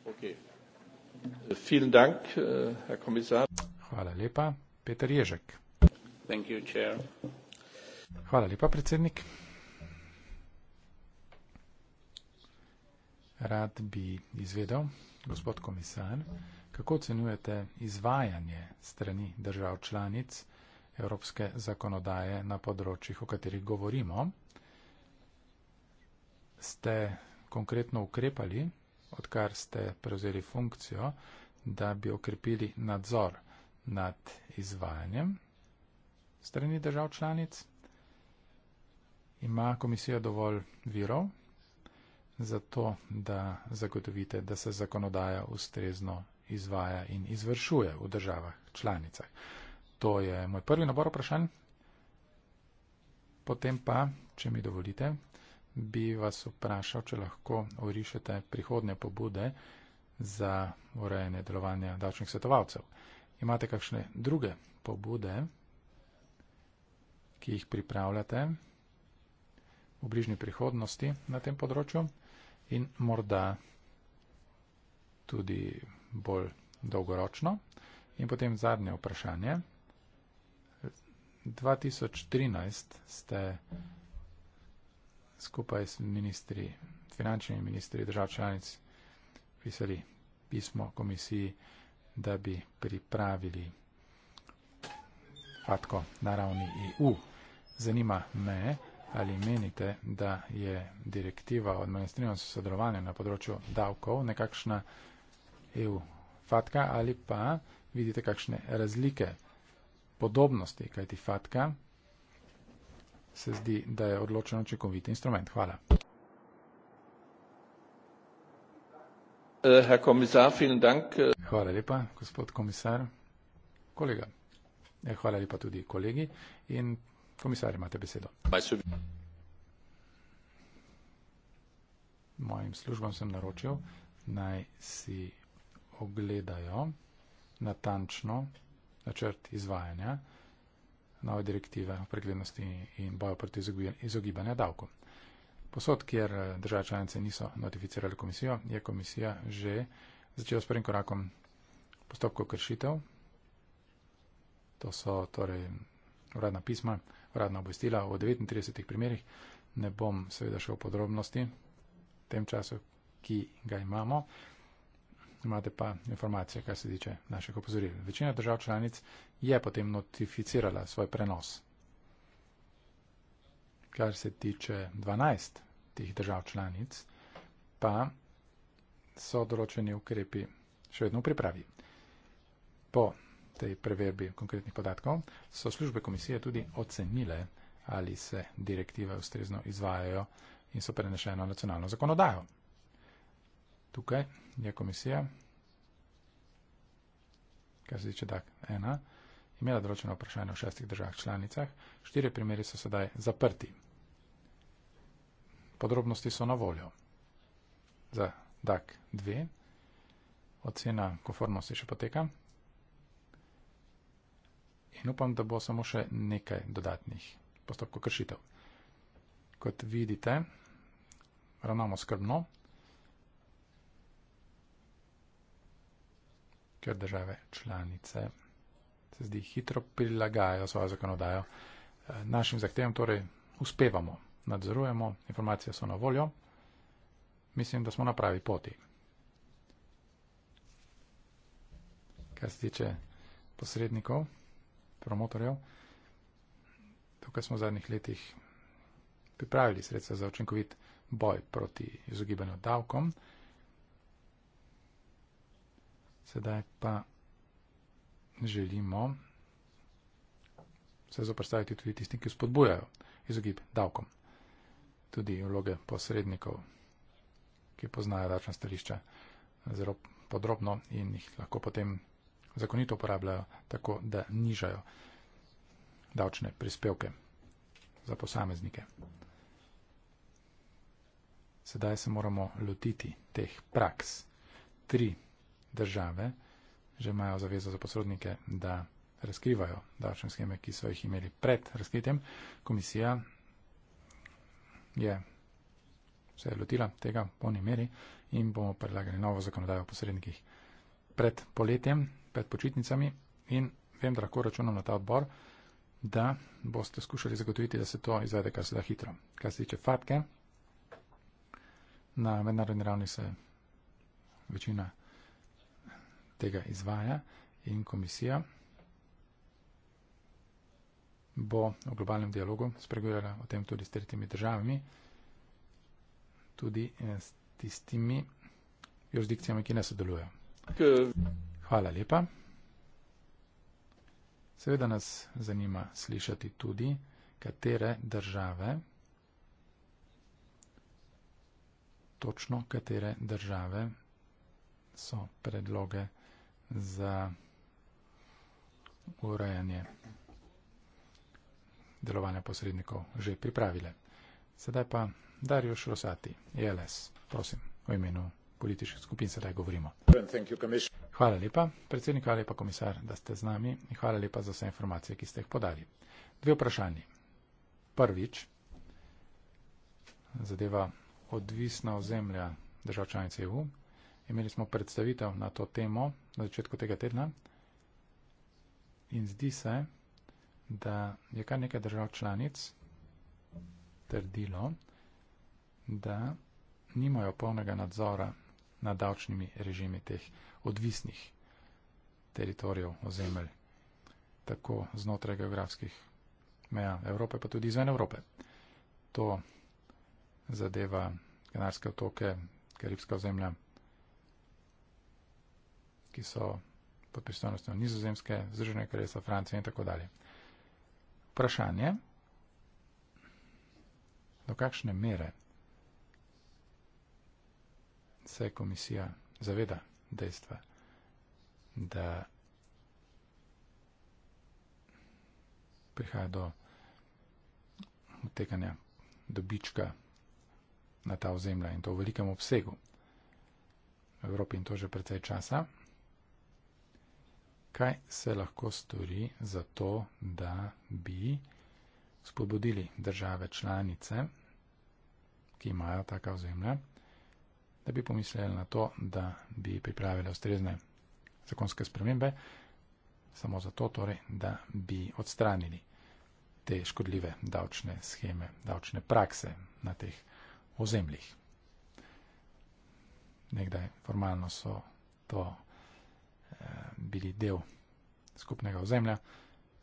Speaker 1: Okay. Dank, eh, Hvala lepa. Peter Ježek. Thank you, chair. Hvala lepa, predsednik. Rad bi izvedel, gospod komisar, kako ocenjujete izvajanje strani držav članic evropske zakonodaje na področjih, o katerih govorimo? Ste konkretno ukrepali, odkar ste prevzeli funkcijo, da bi okrepili nadzor nad izvajanjem strani držav članic? Ima komisija dovolj virov zato, da zagotovite, da se zakonodaja ustrezno izvaja in izvršuje v državah članicah. To je moj prvi nabor vprašanj. Potem pa, če mi dovolite, bi vas vprašal, če lahko orišete prihodne pobude za urejanje delovanja davčnih svetovalcev. Imate kakšne druge pobude, ki jih pripravljate v bližnji prihodnosti na tem področju? in morda tudi bolj dolgoročno. In potem zadnje vprašanje. 2013 ste skupaj s ministri, finančnimi ministri držav članic pisali pismo komisiji, da bi pripravili fatko na ravni EU. Zanima me, ali menite, da je direktiva o administriranju sodelovanja na področju davkov nekakšna EU fatka ali pa vidite kakšne razlike podobnosti, kajti fatka se zdi, da je odločen očekovit instrument. Hvala. Hvala lepa, gospod komisar. Kolega. Ja, hvala lepa tudi kolegi. In Komisar, imate besedo. Mojim službam sem naročil, naj si ogledajo natančno načrt izvajanja nove direktive o preglednosti in boju proti izogibanju davkom. Posod, kjer eh, države članice niso notificirali komisijo, je komisija že začela s prvim korakom postopkov kršitev. To so torej uradna pisma, uradna obvestila o 39 primerjih. Ne bom seveda šel v podrobnosti v tem času, ki ga imamo. Imate pa informacije, kar se tiče naših opozoril. Večina držav članic je potem notificirala svoj prenos. Kar se tiče 12 tih držav članic, pa so določeni ukrepi še vedno v pripravi. Po tej preverbi konkretnih podatkov, so službe komisije tudi ocenile, ali se direktive ustrezno izvajajo in so prenešene v nacionalno zakonodajo. Tukaj je komisija, kar se tiče DAK 1, imela določeno vprašanje v šestih državah članicah, štiri primeri so sedaj zaprti. Podrobnosti so na voljo. Za DAK 2 ocena konformnosti še poteka in upam, da bo samo še nekaj dodatnih postopkov kršitev. Kot vidite, ravnamo skrbno, ker države članice se zdi hitro prilagajajo svojo zakonodajo eh, našim zahtevam, torej uspevamo, nadzorujemo, informacije so na voljo, mislim, da smo na pravi poti. Kar se tiče posrednikov promotorjev. Tukaj smo v zadnjih letih pripravili sredstva za očinkovit boj proti izogibanju davkom. Sedaj pa želimo se zoprstaviti tudi tistim, ki spodbujajo izogib davkom. Tudi vloge posrednikov, ki poznajo račna stališča zelo podrobno in jih lahko potem zakonito uporabljajo, tako da nižajo davčne prispevke za posameznike. Sedaj se moramo lotiti teh praks. Tri države že imajo zavezo za posrednike, da razkrivajo davčne scheme, ki so jih imeli pred razkritjem. Komisija je se je lotila tega v polni meri in bomo predlagali novo zakonodajo o posrednikih pred poletjem, pred počitnicami in vem, da lahko računam na ta odbor, da boste skušali zagotoviti, da se to izvede kar se da hitro. Kar se tiče fatke, na mednarodni ravni se večina tega izvaja in komisija bo v globalnem dialogu spregovarjala o tem tudi s tretjimi državami, tudi s tistimi jurisdikcijami, ki ne sodelujejo. Good. Hvala lepa. Seveda nas zanima slišati tudi, katere države, točno katere države so predloge za urejanje delovanja posrednikov že pripravile. Sedaj pa Dario Šrosati, ELS, prosim, v imenu političnih skupin sedaj govorimo. Hvala lepa, predsednik, hvala lepa, komisar, da ste z nami in hvala lepa za vse informacije, ki ste jih podali. Dve vprašanje. Prvič, zadeva odvisna ozemlja držav članic EU. Imeli smo predstavitev na to temo na začetku tega tedna in zdi se, da je kar nekaj držav članic trdilo, da nimajo polnega nadzora nad davčnimi režimi teh držav odvisnih teritorijev, ozemelj, tako znotraj geografskih meja Evrope, pa tudi izven Evrope. To zadeva Kanarske otoke, Karibska ozemlja, ki so pod pristojnostjo nizozemske, Združene kraljestva, Francije in tako dalje. Vprašanje, do kakšne mere se komisija zaveda dejstva, da prihaja do utekanja dobička na ta ozemlja in to v velikem obsegu. V Evropi in to že precej časa. Kaj se lahko stori za to, da bi spodbudili države članice, ki imajo taka ozemlja? da bi pomislili na to, da bi pripravili ustrezne zakonske spremembe, samo zato torej, da bi odstranili te škodljive davčne scheme, davčne prakse na teh ozemljih. Nekdaj formalno so to eh, bili del skupnega ozemlja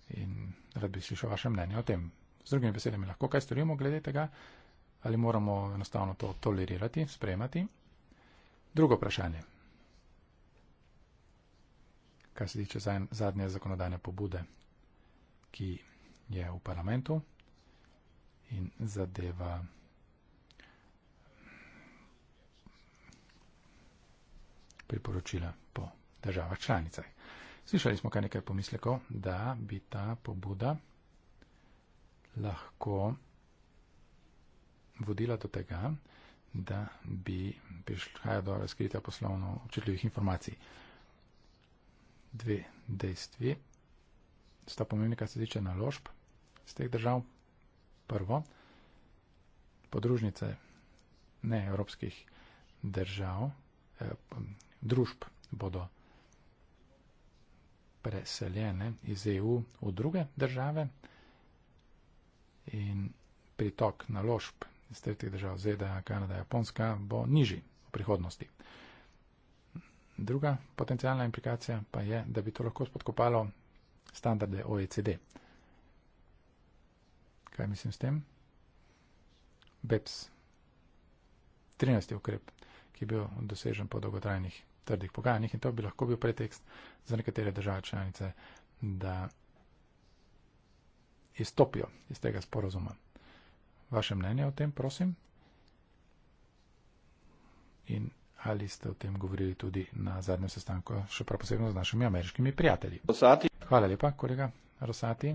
Speaker 1: in rad bi slišal vaše mnenje o tem. Z drugimi besedami lahko kaj storimo glede tega, ali moramo enostavno to tolerirati, sprejemati. Drugo vprašanje. Kar se tiče zadnje zakonodajne pobude, ki je v parlamentu in zadeva priporočila po državah članicah. Slišali smo kar nekaj pomislekov, da bi ta pobuda lahko vodila do tega, da bi prišlo do razkritja poslovno občutljivih informacij. Dve dejstvi sta pomembni, kar se tiče naložb z teh držav. Prvo, podružnice ne evropskih držav, eh, družb bodo preseljene iz EU v druge države in pritok naložb iz tretjih držav ZDA, Kanada, Japonska, bo nižji v prihodnosti. Druga potencijalna implikacija pa je, da bi to lahko spodkopalo standarde OECD. Kaj mislim s tem? BEPS. 13. ukrep, ki je bil dosežen po dolgotrajnih trdih pogajanjih in to bi lahko bil pretekst za nekatere države članice, da izstopijo iz tega sporozuma. Vaše mnenje o tem, prosim? In ali ste o tem govorili tudi na zadnjem sestanku, še prav posebno z našimi ameriškimi prijatelji? Rosati. Hvala lepa, kolega Rosati.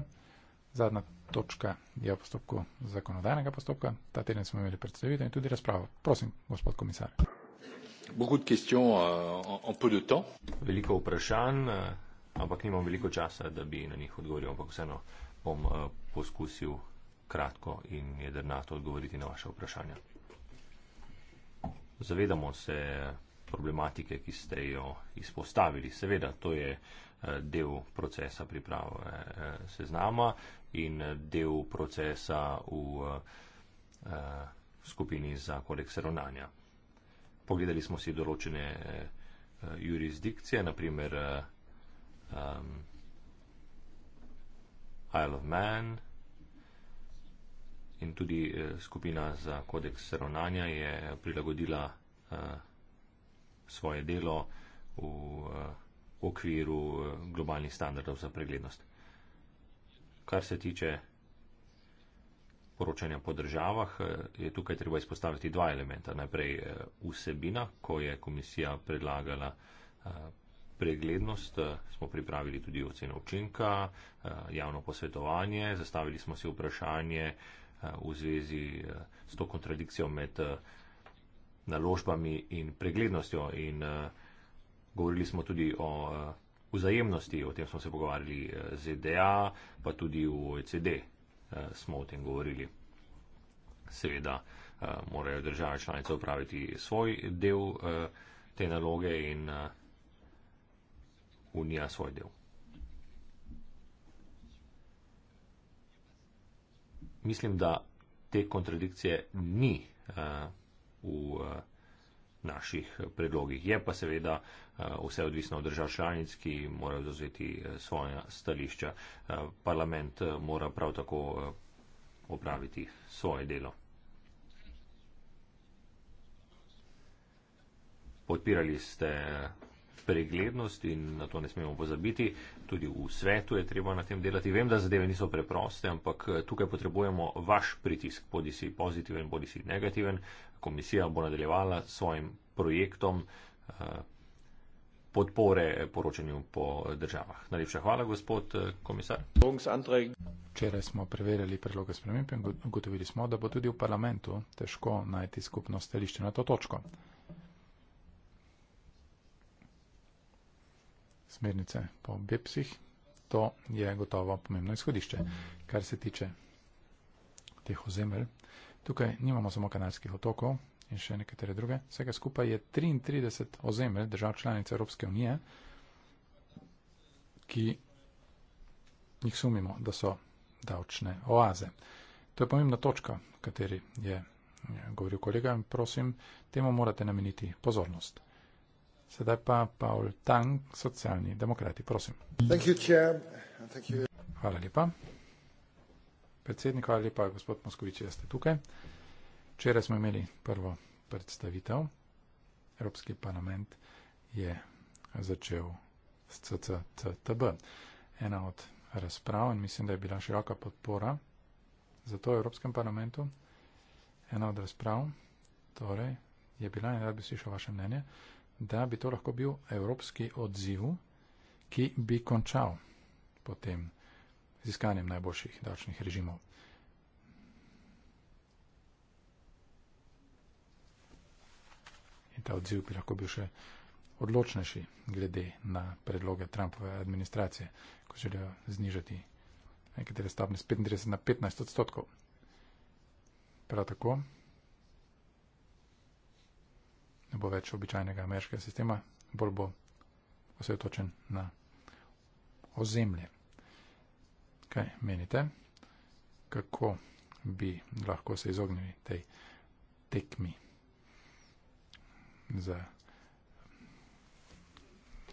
Speaker 1: Zadnja točka je o postopku zakonodajnega postopka. Ta teden smo imeli predstavitev in tudi razpravo. Prosim, gospod komisar. Euh,
Speaker 3: veliko vprašanj, euh, ampak nimam veliko časa, da bi na njih odgovoril, ampak vseeno bom euh, poskusil kratko in jedrnato odgovoriti na vaše vprašanja. Zavedamo se problematike, ki ste jo izpostavili. Seveda, to je eh, del procesa priprave eh, seznama in eh, del procesa v skupini za kodeks ravnanja. Pogledali smo si določene jurisdikcije, naprimer um, Isle of Man, in tudi eh, skupina za kodeks ravnanja je eh, prilagodila eh, svoje delo v okviru globalnih standardov za preglednost. Kar se tiče poročanja po državah, je tukaj treba izpostaviti dva elementa. Najprej vsebina, ko je komisija predlagala preglednost, smo pripravili tudi oceno učinka, javno posvetovanje, zastavili smo si vprašanje, v zvezi eh, s to kontradikcijo med eh, naložbami in preglednostjo. In eh, govorili smo tudi o vzajemnosti, o tem smo se pogovarjali z EDA, pa tudi v OECD smo o tem govorili. Seveda morajo države članice upraviti svoj del te naloge in unija svoj del. mislim, da te kontradikcije ni uh, v uh, naših predlogih. Je pa seveda uh, vse odvisno od držav članic, ki morajo zauzeti uh, svoje stališča. Uh, parlament uh, mora prav tako uh, opraviti svoje delo. Podpirali ste. Uh, preglednost in na to ne smemo pozabiti. Tudi v svetu je treba na tem delati. Vem, da zadeve niso preproste, ampak eh, tukaj potrebujemo vaš pritisk, bodi si pozitiven, bodi si negativen. Komisija bo nadaljevala s svojim projektom eh, podpore eh, poročanju po državah. Najlepša hvala, gospod komisar.
Speaker 1: Včeraj smo preverjali predloge sprememb in gotovili smo, da bo tudi v parlamentu težko najti skupno stališče na to točko. smernice po BEPSih, to je gotovo pomembno izhodišče, kar se tiče teh ozemelj. Tukaj nimamo samo kanadskih otokov in še nekatere druge. Vsega skupaj je 33 ozemelj držav članic Evropske unije, ki jih sumimo, da so davčne oaze. To je pomembna točka, kateri je govoril kolega in prosim, temu morate nameniti pozornost. Sedaj pa Paul Tang, socialni demokrati, prosim. You, you... Hvala lepa. Predsednik, hvala lepa, gospod Moskovič, da ste tukaj. Včeraj smo imeli prvo predstavitev. Evropski parlament je začel s CCTB. Ena od razprav in mislim, da je bila široka podpora za to v Evropskem parlamentu. Ena od razprav torej, je bila in rad bi slišal vaše mnenje da bi to lahko bil evropski odziv, ki bi končal potem z iskanjem najboljših davčnih režimov. In ta odziv bi lahko bil še odločnejši glede na predloge Trumpove administracije, ko želijo znižati nekatere stopne z 35 na 15 odstotkov. Prav tako ne bo več običajnega ameriškega sistema, bolj bo osredotočen na ozemlje. Kaj menite, kako bi lahko se izognili tej tekmi za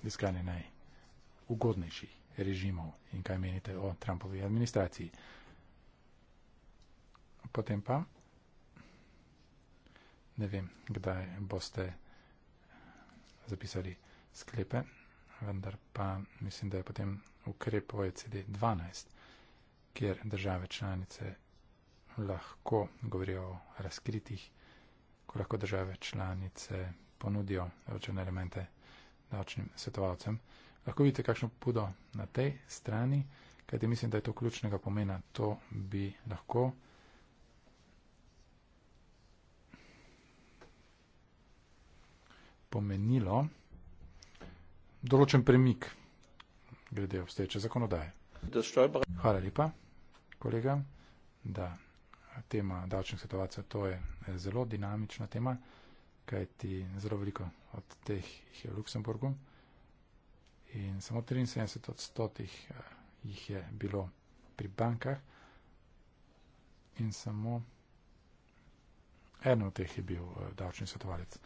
Speaker 1: iskanje najugodnejših režimov in kaj menite o Trumpovi administraciji? Potem pa. Ne vem, kdaj boste zapisali sklepe, vendar pa mislim, da je potem ukrep OECD 12, kjer države članice lahko govorijo o razkritih, ko lahko države članice ponudijo davčne elemente davčnim svetovalcem. Lahko vidite, kakšno pudo na tej strani, kajti mislim, da je to ključnega pomena. To bi lahko. pomenilo določen premik glede obstoječe zakonodaje. Hvala lepa, kolega, da tema davčnih situacij, to je zelo dinamična tema, kajti zelo veliko od teh jih je v Luksemburgu in samo 73 odstotih eh, jih je bilo pri bankah in samo eno od teh je bil eh, davčni svetovalec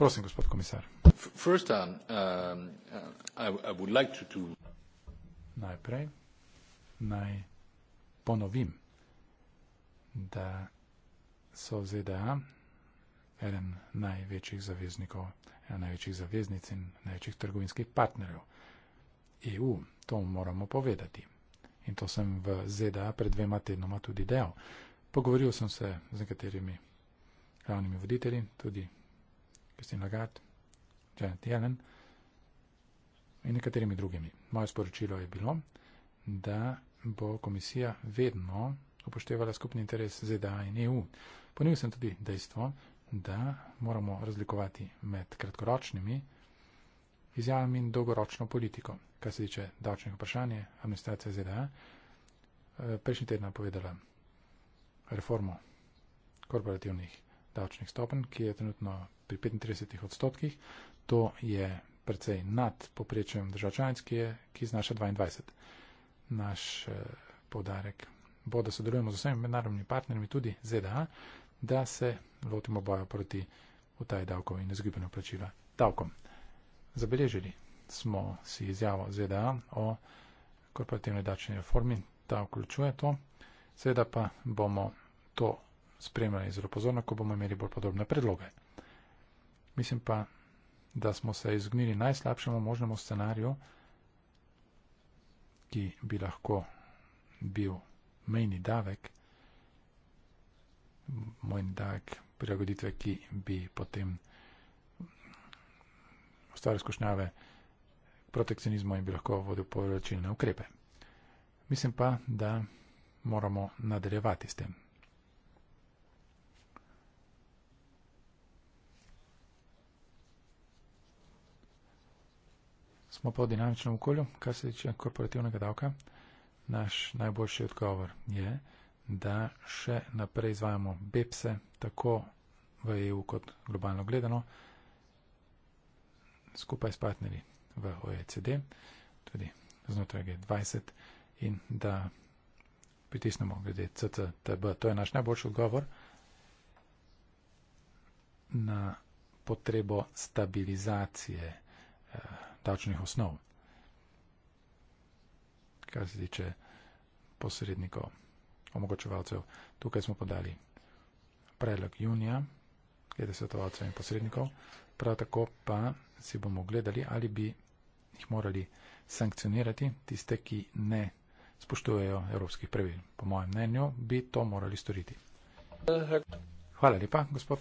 Speaker 1: prosim gospod komisar um, uh, najprej naj ponovim da so ZDA eden največjih zaveznikov največjih zaveznic in največjih trgovinskih partnerjev EU to moramo povedati in to sem v ZDA pred dvema tednoma tudi dejal pogovoril sem se z nekaterimi glavnimi voditelji tudi Kristina Gard, Janet Jelen in nekaterimi drugimi. Moje sporočilo je bilo, da bo komisija vedno upoštevala skupni interes ZDA in EU. Ponil sem tudi dejstvo, da moramo razlikovati med kratkoročnimi izjavami in dolgoročno politiko. Kar se tiče davčnih vprašanj, administracija ZDA eh, prejšnji teden povedala reformo korporativnih davčnih stopenj, ki je trenutno pri 35 odstotkih. To je precej nad poprečjem držav članic, ki, ki znaša 22. Naš e, eh, podarek bo, da sodelujemo z vsemi mednarodnimi partnerji, tudi ZDA, da se lotimo boja proti utaji davkov in izgubljeno plačila davkom. Zabeležili smo si izjavo ZDA o korporativni dačni reformi, ta vključuje to. Seveda pa bomo to spremljali zelo pozorno, ko bomo imeli bolj podobne predloge. Mislim pa, da smo se izognili najslabšemu možnemu scenariju, ki bi lahko bil mejni davek, mejni davek prilagoditve, ki bi potem ustvari skušnjave protekcionizmu in bi lahko vodil povračilne ukrepe. Mislim pa, da moramo nadaljevati s tem. smo po dinamičnem okolju, kar se tiče korporativnega davka, naš najboljši odgovor je, da še naprej izvajamo BEPS-e, tako v EU kot globalno gledano, skupaj s partnerji v OECD, tudi znotraj G20 in da pritisnemo glede CCTB. To je naš najboljši odgovor na potrebo stabilizacije. Uh, davčnih osnov, kar se tiče posrednikov, omogočevalcev. Tukaj smo podali predlog junija, glede svetovalcev in posrednikov, prav tako pa si bomo gledali, ali bi jih morali sankcionirati, tiste, ki ne spoštujejo evropskih pravil. Po mojem mnenju bi to morali storiti. Hvala lepa, gospod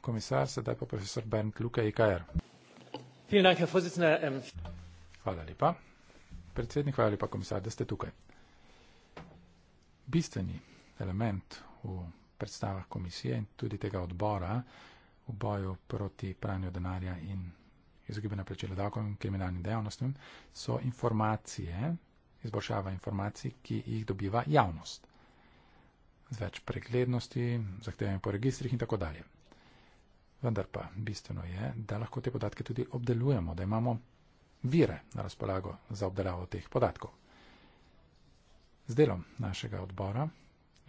Speaker 1: komisar, sedaj pa profesor Bernd Luka IKR.
Speaker 3: Ähm,
Speaker 1: hvala lepa. Predsednik, hvala lepa, komisar, da ste tukaj. Bistveni element v predstavah komisije in tudi tega odbora v boju proti pranju denarja in izogibanju plačila davkom in kriminalnim dejavnostim so informacije, izboljšava informacij, ki jih dobiva javnost. Z več preglednosti, zahtevami po registrih in tako dalje vendar pa bistveno je, da lahko te podatke tudi obdelujemo, da imamo vire na razpolago za obdelavo teh podatkov. Z delom našega odbora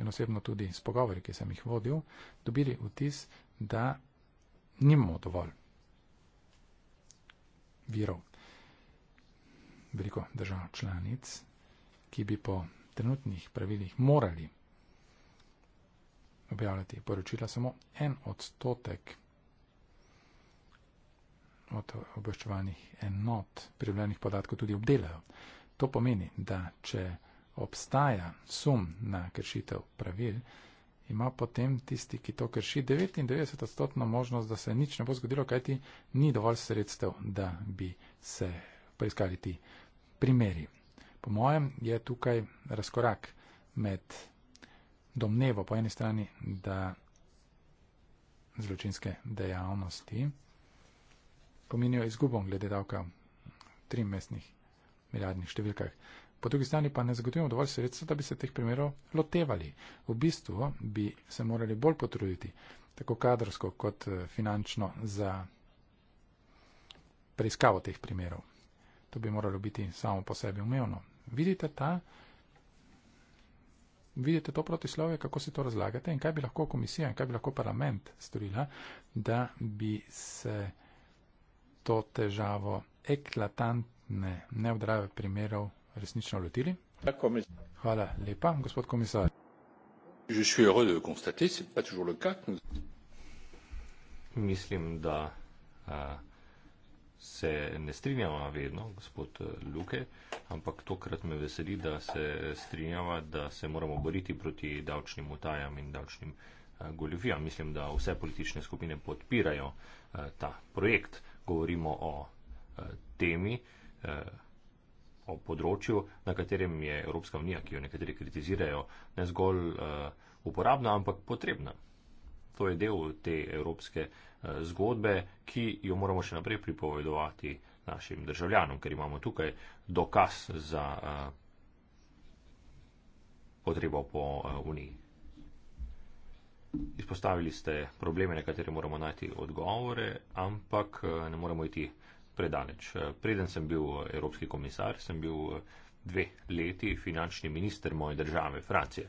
Speaker 1: in osebno tudi s pogovori, ki sem jih vodil, dobili vtis, da nimamo dovolj virov. Veliko držav članic, ki bi po trenutnih pravilih morali objavljati poročila, samo en odstotek od obveščevalnih enot pridobljenih podatkov tudi obdelajo. To pomeni, da če obstaja sum na kršitev pravil, ima potem tisti, ki to krši, 99-odstotno možnost, da se nič ne bo zgodilo, kajti ni dovolj sredstev, da bi se preiskali ti primeri. Po mojem je tukaj razkorak med domnevo po eni strani, da zločinske dejavnosti pomenijo izgubo glede davka v trim mestnih milijardnih številkah. Po drugi strani pa ne zagotovimo dovolj sredstva, da bi se teh primerov lotevali. V bistvu bi se morali bolj potruditi, tako kadrsko kot eh, finančno, za preiskavo teh primerov. To bi moralo biti samo po sebi umevno. Vidite, ta, vidite to protislovje, kako si to razlagate in kaj bi lahko komisija in kaj bi lahko parlament storila, da bi se to težavo eklatantne neodrave primerov resnično lotili. Hvala lepa, gospod komisar.
Speaker 3: Mislim, da a, se ne strinjava vedno, gospod e, Luke, ampak tokrat me veseli, da se strinjava, da se moramo boriti proti davčnim utajam in davčnim goljufijam. Mislim, da vse politične skupine podpirajo a, ta projekt govorimo o eh, temi, eh, o področju, na katerem je Evropska unija, ki jo nekateri kritizirajo, ne zgolj eh, uporabna, ampak potrebna. To je del te evropske zgodbe, ki jo moramo še naprej pripovedovati našim državljanom, ker imamo tukaj dokaz za potrebo po uniji. Izpostavili ste probleme, na katere moramo najti odgovore, ampak eh, ne moremo iti predaleč. Eh, preden sem bil eh, evropski komisar, sem bil dve leti finančni minister moje države, Francije.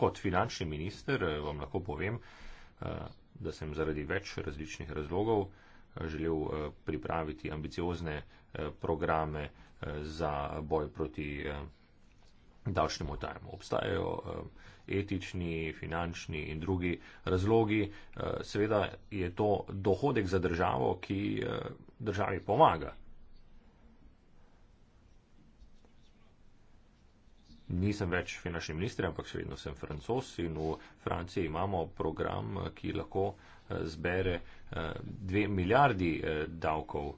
Speaker 3: Kot finančni minister vam lahko povem, da sem zaradi več različnih razlogov želel pripraviti ambiciozne programe za boj proti davčnim utajam. Obstajajo eh, etični, finančni in drugi razlogi. Eh, seveda je to dohodek za državo, ki eh, državi pomaga. Nisem več finančni minister, ampak še vedno sem francos in v Franciji imamo program, ki lahko zbere dve milijardi davkov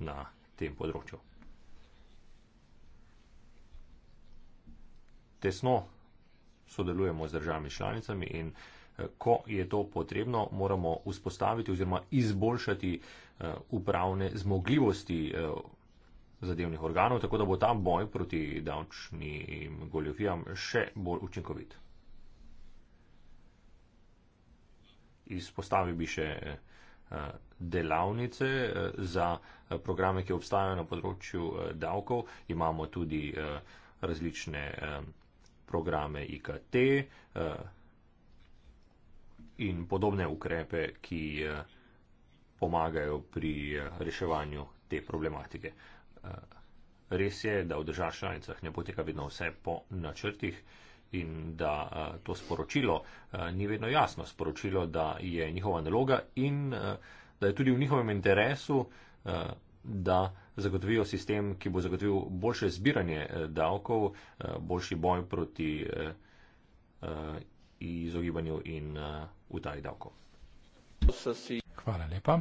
Speaker 3: na tem področju. tesno sodelujemo z državami članicami in eh, ko je to potrebno, moramo vzpostaviti oziroma izboljšati eh, upravne zmogljivosti eh, zadevnih organov, tako da bo ta boj proti davčnim goljofijam še bolj učinkovit. Izpostavi bi še delavnice za programe, ki obstajajo na področju davkov. Imamo tudi različne programe IKT eh, in podobne ukrepe, ki eh, pomagajo pri eh, reševanju te problematike. Res je, da v državah članicah ne poteka vedno vse po načrtih in da to sporočilo ni vedno jasno. Sporočilo, da je njihova naloga in da je tudi v njihovem interesu, da zagotovijo sistem, ki bo zagotovil boljše zbiranje eh, davkov, eh, boljši boj proti eh, izogibanju in utaji davkov.
Speaker 1: Hvala lepa.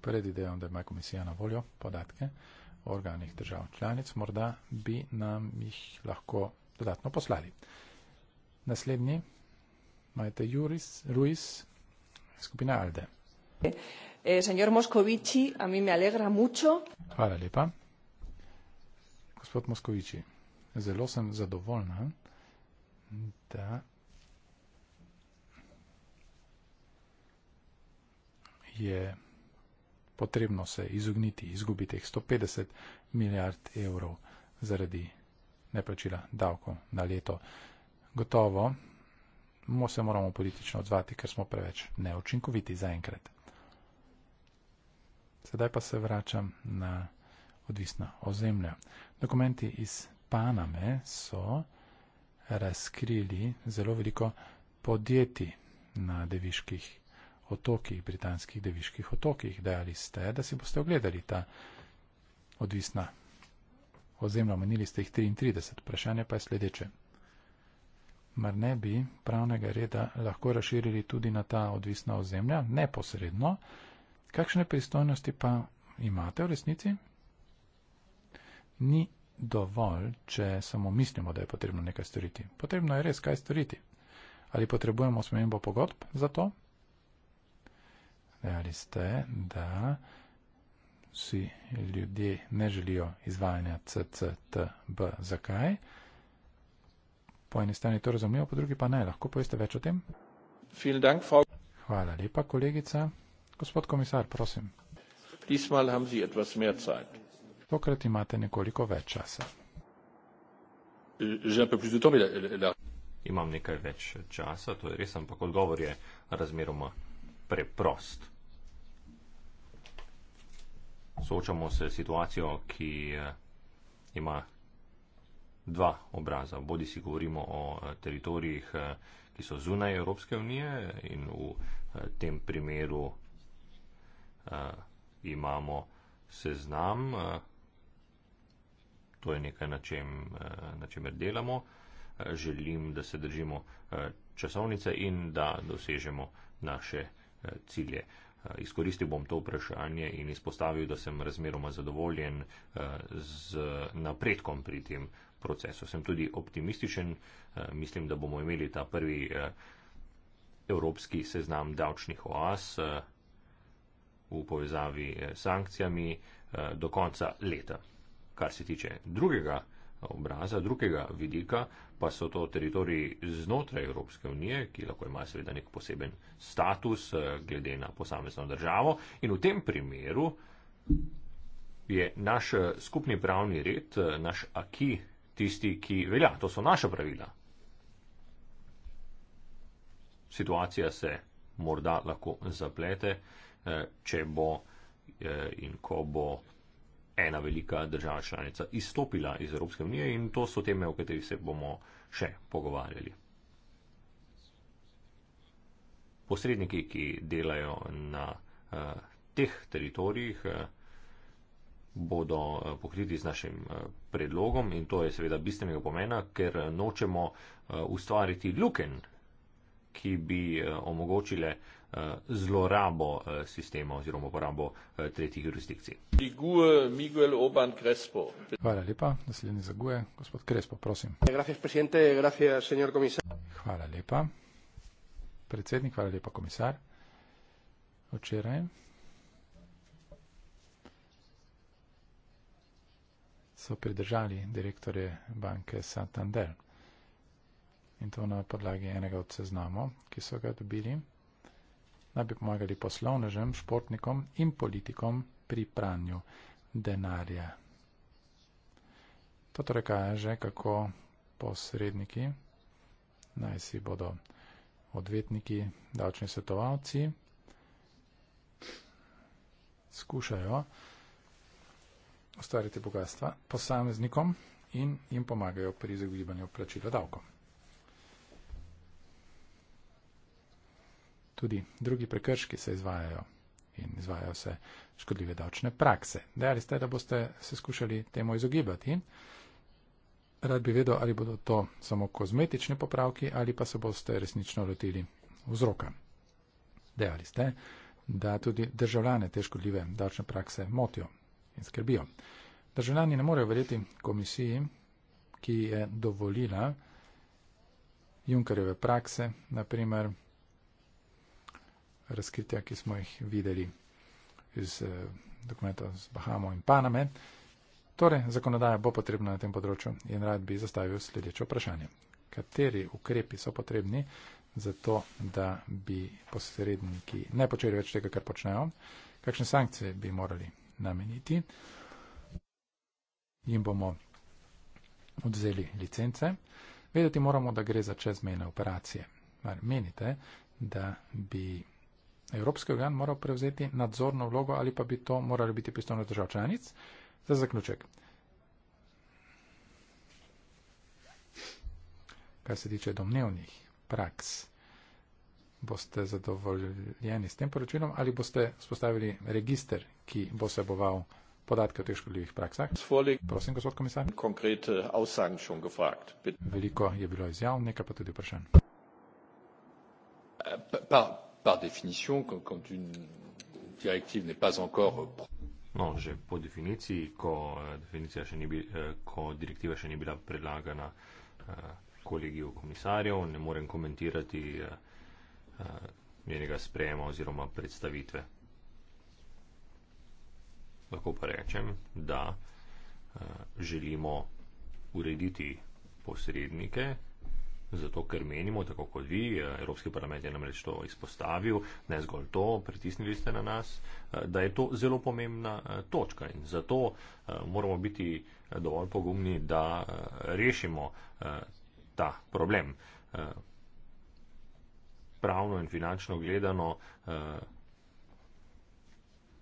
Speaker 1: Predidejam, da ima komisija na voljo podatke o organih držav članic. Morda bi nam jih lahko dodatno poslali. Naslednji, majte Juris, Ruiz, skupina Alde. Okay.
Speaker 3: Eh, señor Moscovici, a mí me alegra mucho.
Speaker 1: Hvala lepa. Gospod Moscovici, zelo sem zadovoljna, da je potrebno se izogniti, izgubiti teh 150 milijard evrov zaradi neplačila davkov na leto. Gotovo se moramo politično odzvati, ker smo preveč neočinkoviti zaenkrat. Sedaj pa se vračam na odvisna ozemlja. Dokumenti iz Paname so razkrili zelo veliko podjetij na deviških otokih, britanskih deviških otokih. Dejali ste, da si boste ogledali ta odvisna ozemlja, omenili ste jih 33. Vprašanje pa je sledeče. Mar ne bi pravnega reda lahko razširili tudi na ta odvisna ozemlja, neposredno, Kakšne pristojnosti pa imate v resnici? Ni dovolj, če samo mislimo, da je potrebno nekaj storiti. Potrebno je res kaj storiti. Ali potrebujemo spremembo pogodb za to? Dejali ste, da vsi ljudje ne želijo izvajanja CCTB. Zakaj? Po eni strani to razumijo, po drugi pa ne. Lahko poveste več o tem? Hvala lepa, kolegica. Gospod komisar, prosim.
Speaker 3: Diesmal haben Sie etwas mehr Zeit.
Speaker 1: Tokrat imate nekoliko več časa.
Speaker 3: Eh, eh, Imam nekaj več časa, to je res, ampak odgovor je razmeroma preprost. Soočamo se s situacijo, ki eh, ima dva obraza. Bodi si govorimo o teritorijih, ki so zunaj Evropske unije in v tem primeru uh, imamo seznam, uh, to je nekaj, na, čem, uh, na čemer delamo. Uh, želim, da se držimo uh, časovnice in da dosežemo naše uh, cilje. Uh, izkoristil bom to vprašanje in izpostavil, da sem razmeroma zadovoljen uh, z napredkom pri tem procesu. Sem tudi optimističen, uh, mislim, da bomo imeli ta prvi. Uh, Evropski seznam davčnih oas, v povezavi eh, s sankcijami eh, do konca leta. Kar se tiče drugega obraza, drugega vidika, pa so to teritoriji znotraj Evropske unije, ki lahko imajo seveda nek poseben status eh, glede na posamezno državo. In v tem primeru je naš skupni pravni red, naš aki, tisti, ki velja. To so naša pravila. Situacija se morda lahko zaplete. Eh, če bo eh, in ko bo ena velika država članica izstopila iz Evropske unije in to so teme, o katerih se bomo še pogovarjali. Posredniki, ki delajo na eh, teh teritorijih, bodo pokriti z našim predlogom in to je seveda bistvenega pomena, ker nočemo ustvariti luken, ki bi omogočile Eh, zlorabo eh, sistema oziroma uporabo eh, tretjih jurisdikcij.
Speaker 1: Hvala lepa, naslednji zaguje. Gospod Krespo, prosim. Hvala lepa, predsednik, hvala lepa, komisar. Včeraj. so pridržali direktorje banke Santander. In to na podlagi enega od seznamo, ki so ga dobili da bi pomagali poslovnežem, športnikom in politikom pri pranju denarja. To torej kaže, kako posredniki, naj si bodo odvetniki, davčni svetovalci, skušajo ustvariti bogatstva posameznikom in jim pomagajo pri zagibanju plačila davkom. tudi drugi prekrški se izvajajo in izvajajo se škodljive davčne prakse. Dejali ste, da boste se skušali temu izogibati. Rad bi vedel, ali bodo to samo kozmetični popravki ali pa se boste resnično lotili vzroka. Dejali ste, da tudi državljane te škodljive davčne prakse motijo in skrbijo. Državljani ne morejo verjeti komisiji, ki je dovolila Junkerjeve prakse, naprimer razkritja, ki smo jih videli iz eh, dokumentov z Bahamo in Paname. Torej, zakonodaja bo potrebna na tem področju in rad bi zastavil sledeče vprašanje. Kateri ukrepi so potrebni za to, da bi posredniki ne počeli več tega, kar počnejo? Kakšne sankcije bi morali nameniti? Jim bomo odzeli licence. Vedeti moramo, da gre za čezmene operacije. Mar menite, da bi Evropski organ moral prevzeti nadzorno vlogo ali pa bi to morali biti pristojni držav članic. Za zaključek. Kar se tiče domnevnih praks, boste zadovoljeni s tem poročilom ali boste spostavili register, ki bo seboval podatke o teh škodljivih praksah? Prosim, gospod komisar. Veliko je bilo izjav, nekaj pa tudi vprašanj. Äh, par définition quand une
Speaker 3: directive n'est pas encore non j'ai pas de définition quand eh, définition je n'ai quand eh, directive je n'ai pas prélagana collégio eh, commissario ne moren commentirati njenega sprejema oziroma predstavitve. Lahko pa rečem, da želimo urediti posrednike, zato ker menimo, tako kot vi, eh, Evropski parlament je namreč to izpostavil, ne zgolj to, pritisnili ste na nas, eh, da je to zelo pomembna eh, točka in zato moramo biti dovolj pogumni, da rešimo ta problem. Pravno in finančno gledano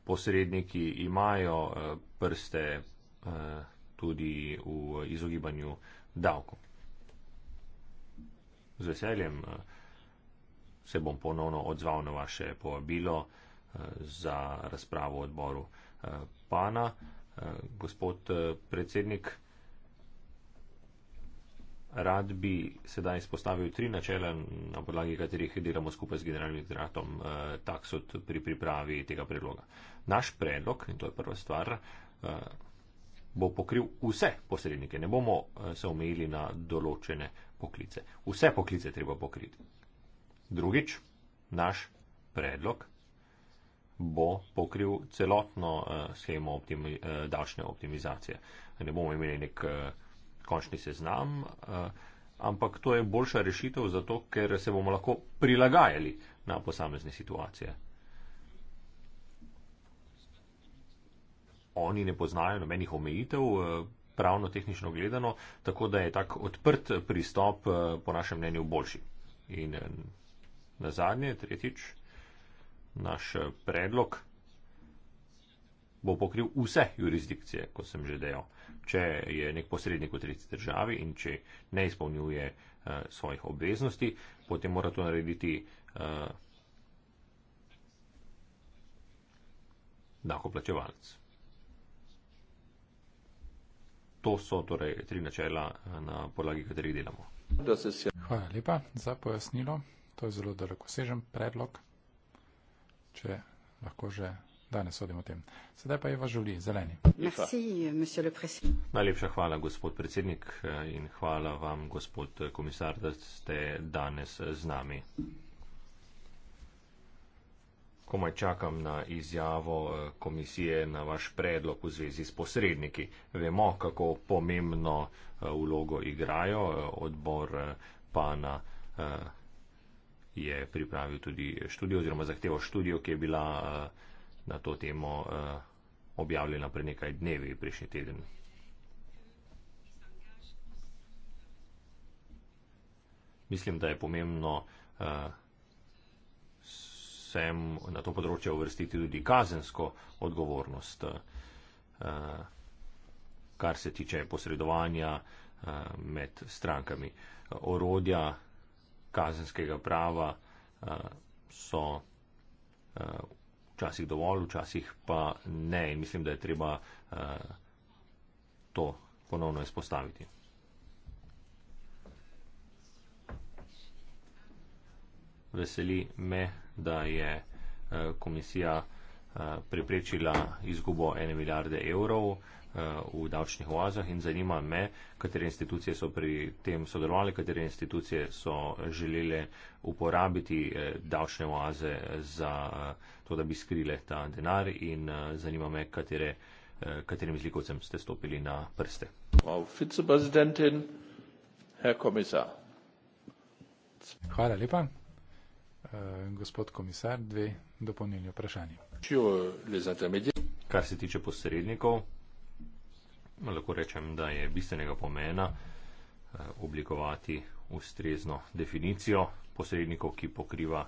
Speaker 3: posredniki imajo prste tudi v izogibanju davkov z veseljem eh, se bom ponovno odzval na vaše povabilo eh, za razpravo v odboru eh, pana. Gospod predsednik, rad bi sedaj izpostavil tri načela, na podlagi katerih delamo skupaj z generalnim direktorjem Taksot pri pripravi tega predloga. Naš predlog, in to je prva stvar, bo pokril vse posrednike. Ne bomo se omejili na določene poklice. Vse poklice treba pokriti. Drugič, naš predlog bo pokril celotno uh, eh, schemo optimi, uh, davčne optimizacije. Ne bomo imeli nek uh, končni seznam, uh, ampak to je boljša rešitev zato, ker se bomo lahko prilagajali na posamezne situacije. Oni ne poznajo nobenih omejitev. Uh, pravno-tehnično gledano, tako da je tak odprt pristop eh, po našem mnenju boljši. In eh, na zadnje, tretjič, naš eh, predlog bo pokril vse jurisdikcije, kot sem že dejal, če je nek posrednik v tretji državi in če ne izpolnjuje uh, svojih obveznosti, potem mora to narediti uh, dahoplačevalec to so torej tri načela, eh, na podlagi katerih delamo.
Speaker 1: Hvala lepa za pojasnilo. To je zelo dalekosežen predlog, če lahko že danes sodimo o tem. Sedaj pa je v žuli zeleni. Merci,
Speaker 3: Najlepša hvala, gospod predsednik, eh, in hvala vam, gospod komisar, da ste danes z nami komaj čakam na izjavo eh, komisije na vaš predlog v zvezi s posredniki. Vemo, kako pomembno eh, vlogo igrajo. Eh, odbor pana je pripravil tudi študijo oziroma zahtevo študijo, ki je bila na to temo objavljena pre nekaj dnevi prejšnji teden. Mislim, da je pomembno predvsem na to področje uvrstiti tudi kazensko odgovornost, eh, kar se tiče posredovanja eh, med strankami. Orodja kazenskega prava eh, so včasih dovolj, včasih pa ne in mislim, da je treba to ponovno izpostaviti. Veseli me, da je eh, komisija eh, preprečila izgubo ene milijarde evrov eh, v davčnih oazah in zanima me, katere institucije so pri tem sodelovali, katere institucije so želele uporabiti davčne oaze za to, da bi skrile ta denar in zanima me, katere, katerim zlikovcem ste stopili na prste.
Speaker 1: Hvala lepa. Eh, gospod komisar, dve dopolnilni vprašanji.
Speaker 3: Kar se tiče posrednikov, lahko rečem, da je bistvenega pomena eh, oblikovati ustrezno definicijo posrednikov, ki pokriva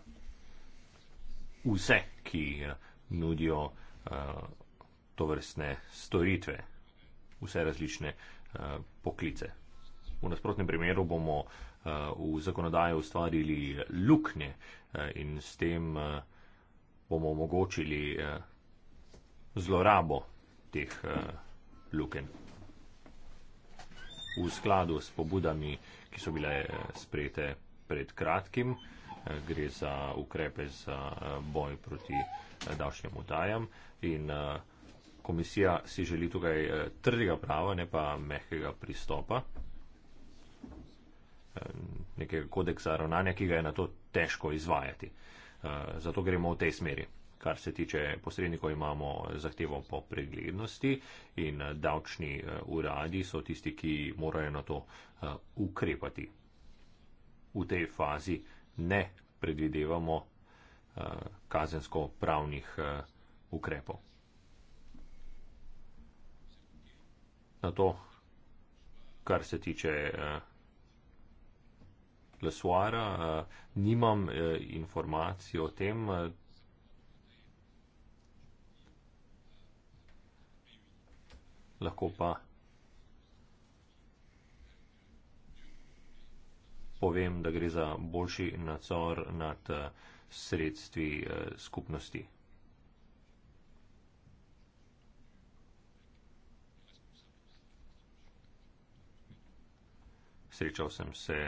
Speaker 3: vse, ki eh, nudijo to vrstne storitve, vse različne poklice. V nasprotnem primeru bomo eh, v zakonodaji ustvarili luknje eh, in s tem eh, bomo omogočili zlorabo teh luken. V skladu s pobudami, ki so bile sprejete pred kratkim, gre za ukrepe za boj proti davčnim utajam in komisija si želi tukaj trdega prava, ne pa mehkega pristopa. Eh, nekega kodeksa ravnanja, ki ga je na to težko izvajati. Eh, zato gremo v tej smeri. Kar se tiče posrednikov, imamo zahtevo po preglednosti in davčni eh, uradi so tisti, ki morajo na to ukrepati. V tej fazi ne predvidevamo kazensko-pravnih ukrepov. Na to, kar se tiče Lesuara, eh, nimam eh, informacij o tem. Eh, lahko pa povem, da gre za boljši nadzor nad sredstvi skupnosti. Srečal sem se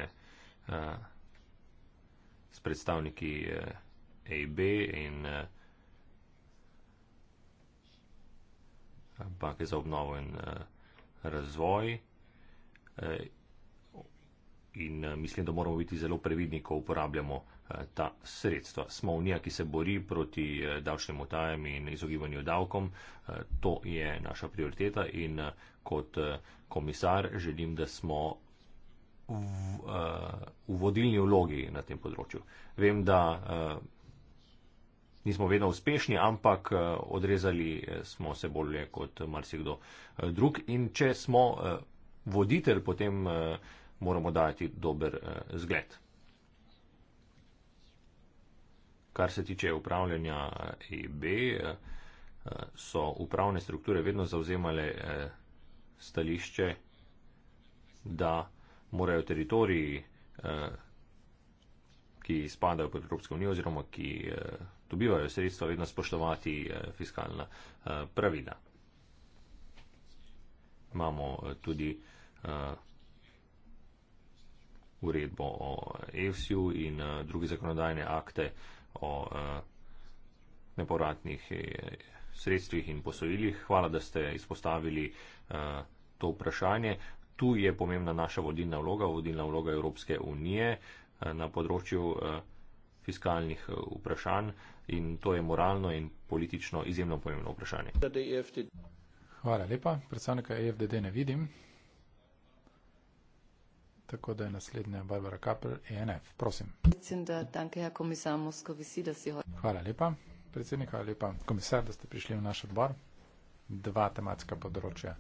Speaker 3: s predstavniki e, AB in e, Banke za obnovo in e, razvoj. In mislim, da moramo biti zelo previdni, ko uporabljamo ta sredstva. Smo unija, ki se bori proti davčnim otajem in izogibanju davkom. To je naša prioriteta in kot komisar želim, da smo v, uh, v vodilni vlogi na tem področju. Vem, da uh, nismo vedno uspešni, ampak uh, odrezali smo se bolje kot marsikdo drug. In če smo uh, voditelj, potem uh, moramo dajati dober uh, zgled. Kar se tiče upravljanja EB, e so upravne strukture vedno zauzemale stališče, da morajo teritoriji, eh, ki spadajo pod Evropsko unijo oziroma ki eh, dobivajo sredstva, vedno spoštovati eh, fiskalna pravila. Imamo tudi uredbo o EFSU in druge zakonodajne akte o neporatnih sredstvih in posojilih. Hvala, da ste izpostavili uh, to vprašanje tu je pomembna naša vodilna vloga, vodilna vloga Evropske unije eh, na področju eh, fiskalnih eh, vprašanj in to je moralno in politično izjemno pomembno vprašanje.
Speaker 1: Hvala lepa. Predstavnika EFDD ne vidim. Tako da je naslednja Barbara Kapel, ENF. Prosim. Hvala lepa, predsednik, hvala lepa, komisar, da ste prišli v naš odbor dva tematska področja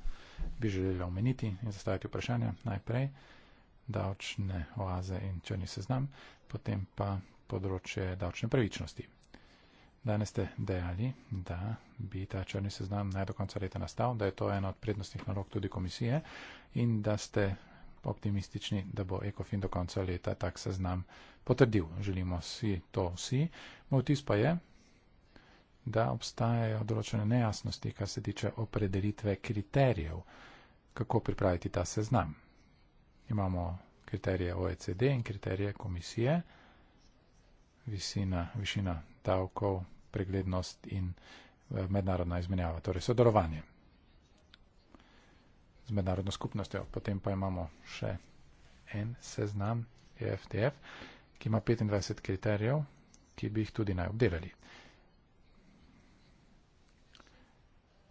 Speaker 1: bi želela omeniti in zastaviti vprašanje. Najprej davčne oaze in črni seznam, potem pa področje davčne pravičnosti. Danes ste dejali, da bi ta črni seznam naj do konca leta nastal, da je to ena od prednostnih nalog tudi komisije in da ste optimistični, da bo ECOFIN do konca leta tak seznam potrdil. Želimo si to vsi. Moj vtis pa je, da obstajajo določene nejasnosti, kar se tiče opredelitve kriterijev, kako pripraviti ta seznam. Imamo kriterije OECD in kriterije komisije, visina, višina davkov, preglednost in eh, mednarodna izmenjava, torej sodelovanje z mednarodno skupnostjo. Potem pa imamo še en seznam, EFTF, ki ima 25 kriterijev, ki bi jih tudi naj obdelali.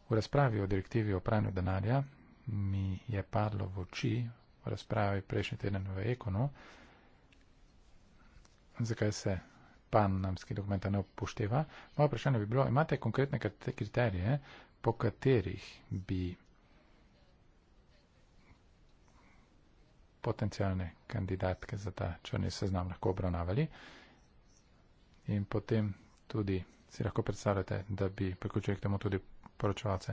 Speaker 1: V razpravi o direktivi o pranju denarja mi je padlo v oči v razpravi prejšnji teden v Ekonu, zakaj se panamski dokumenta ne upošteva. Moje vprašanje bi bilo, imate konkretne kriterije, po katerih bi potencijalne kandidatke za ta črni seznam lahko obravnavali. In potem tudi si lahko predstavljate, da bi priključili k temu tudi poročevalce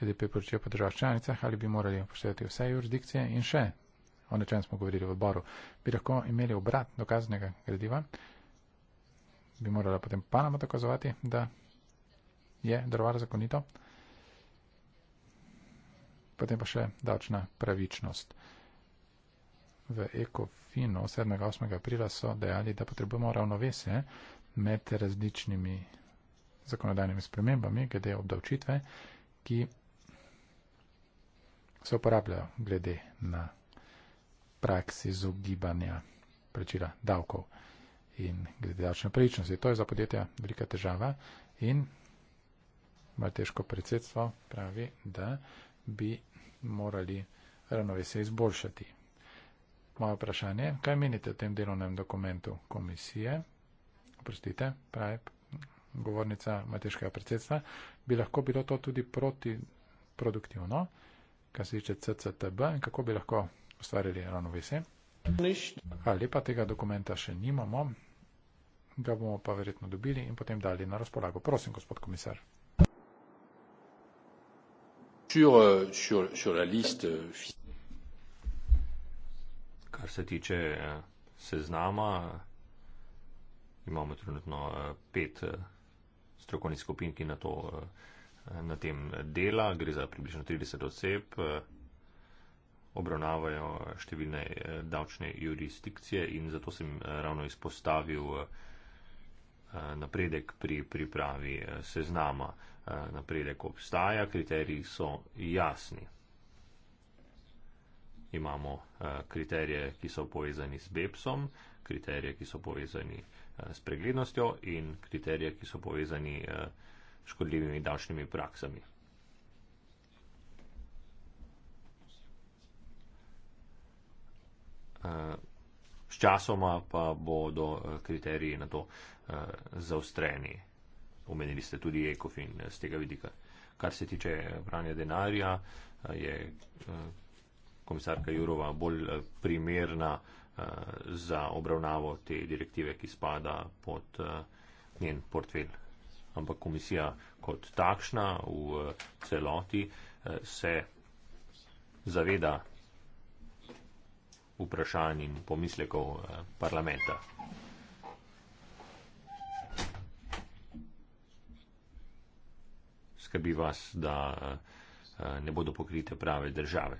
Speaker 1: GDP poročijo po državah članicah, ali bi morali upoštevati vse jurisdikcije in še, o nečem smo govorili v odboru, bi lahko imeli obrat dokaznega gradiva, bi morala potem Panama dokazovati, da je drvar zakonito, potem pa še davčna pravičnost. V Ekofinu 7. 8. aprila so dejali, da potrebujemo ravnovesje med različnimi zakonodajnimi spremembami glede obdavčitve, ki se uporabljajo glede na praksi zogibanja plačila davkov in glede davčne pravičnosti. To je za podjetja velika težava in malteško predsedstvo pravi, da bi morali ravnovesje izboljšati. Moje vprašanje, kaj menite o tem delovnem dokumentu komisije? Oprostite, pravi govornica mateškega predsedstva, bi lahko bilo to tudi protiproduktivno, kar se tiče CCTB in kako bi lahko ustvarili ravnovesje. Hvala lepa, tega dokumenta še nimamo, ga bomo pa verjetno dobili in potem dali na razpolago. Prosim, gospod komisar. Sur, sur, sur liste...
Speaker 3: Kar se tiče eh, seznama, imamo trenutno eh, pet eh, strokovnih skupin, ki na, to, eh, na tem dela. Gre za približno 30 oseb, eh, obravnavajo številne eh, davčne jurisdikcije in zato sem ravno izpostavil napredek pri pripravi seznama. Napredek obstaja, kriteriji so jasni. Imamo kriterije, ki so povezani z BEPS-om, kriterije, ki so povezani z. Eh, s preglednostjo in kriterije, ki so povezani s eh, škodljivimi davčnimi praksami. Eh, sčasoma pa bodo kriteriji na to zaustreni. Omenili ste tudi ECOFIN z tega vidika. Kar se tiče branja denarja, je komisarka Jurova bolj primerna Eh, za obravnavo te direktive, ki spada pod eh, njen portfelj. Ampak komisija kot takšna v eh, celoti se zaveda vprašanj in pomislekov parlamenta. Skrbi vas, da ne bodo pokrite prave države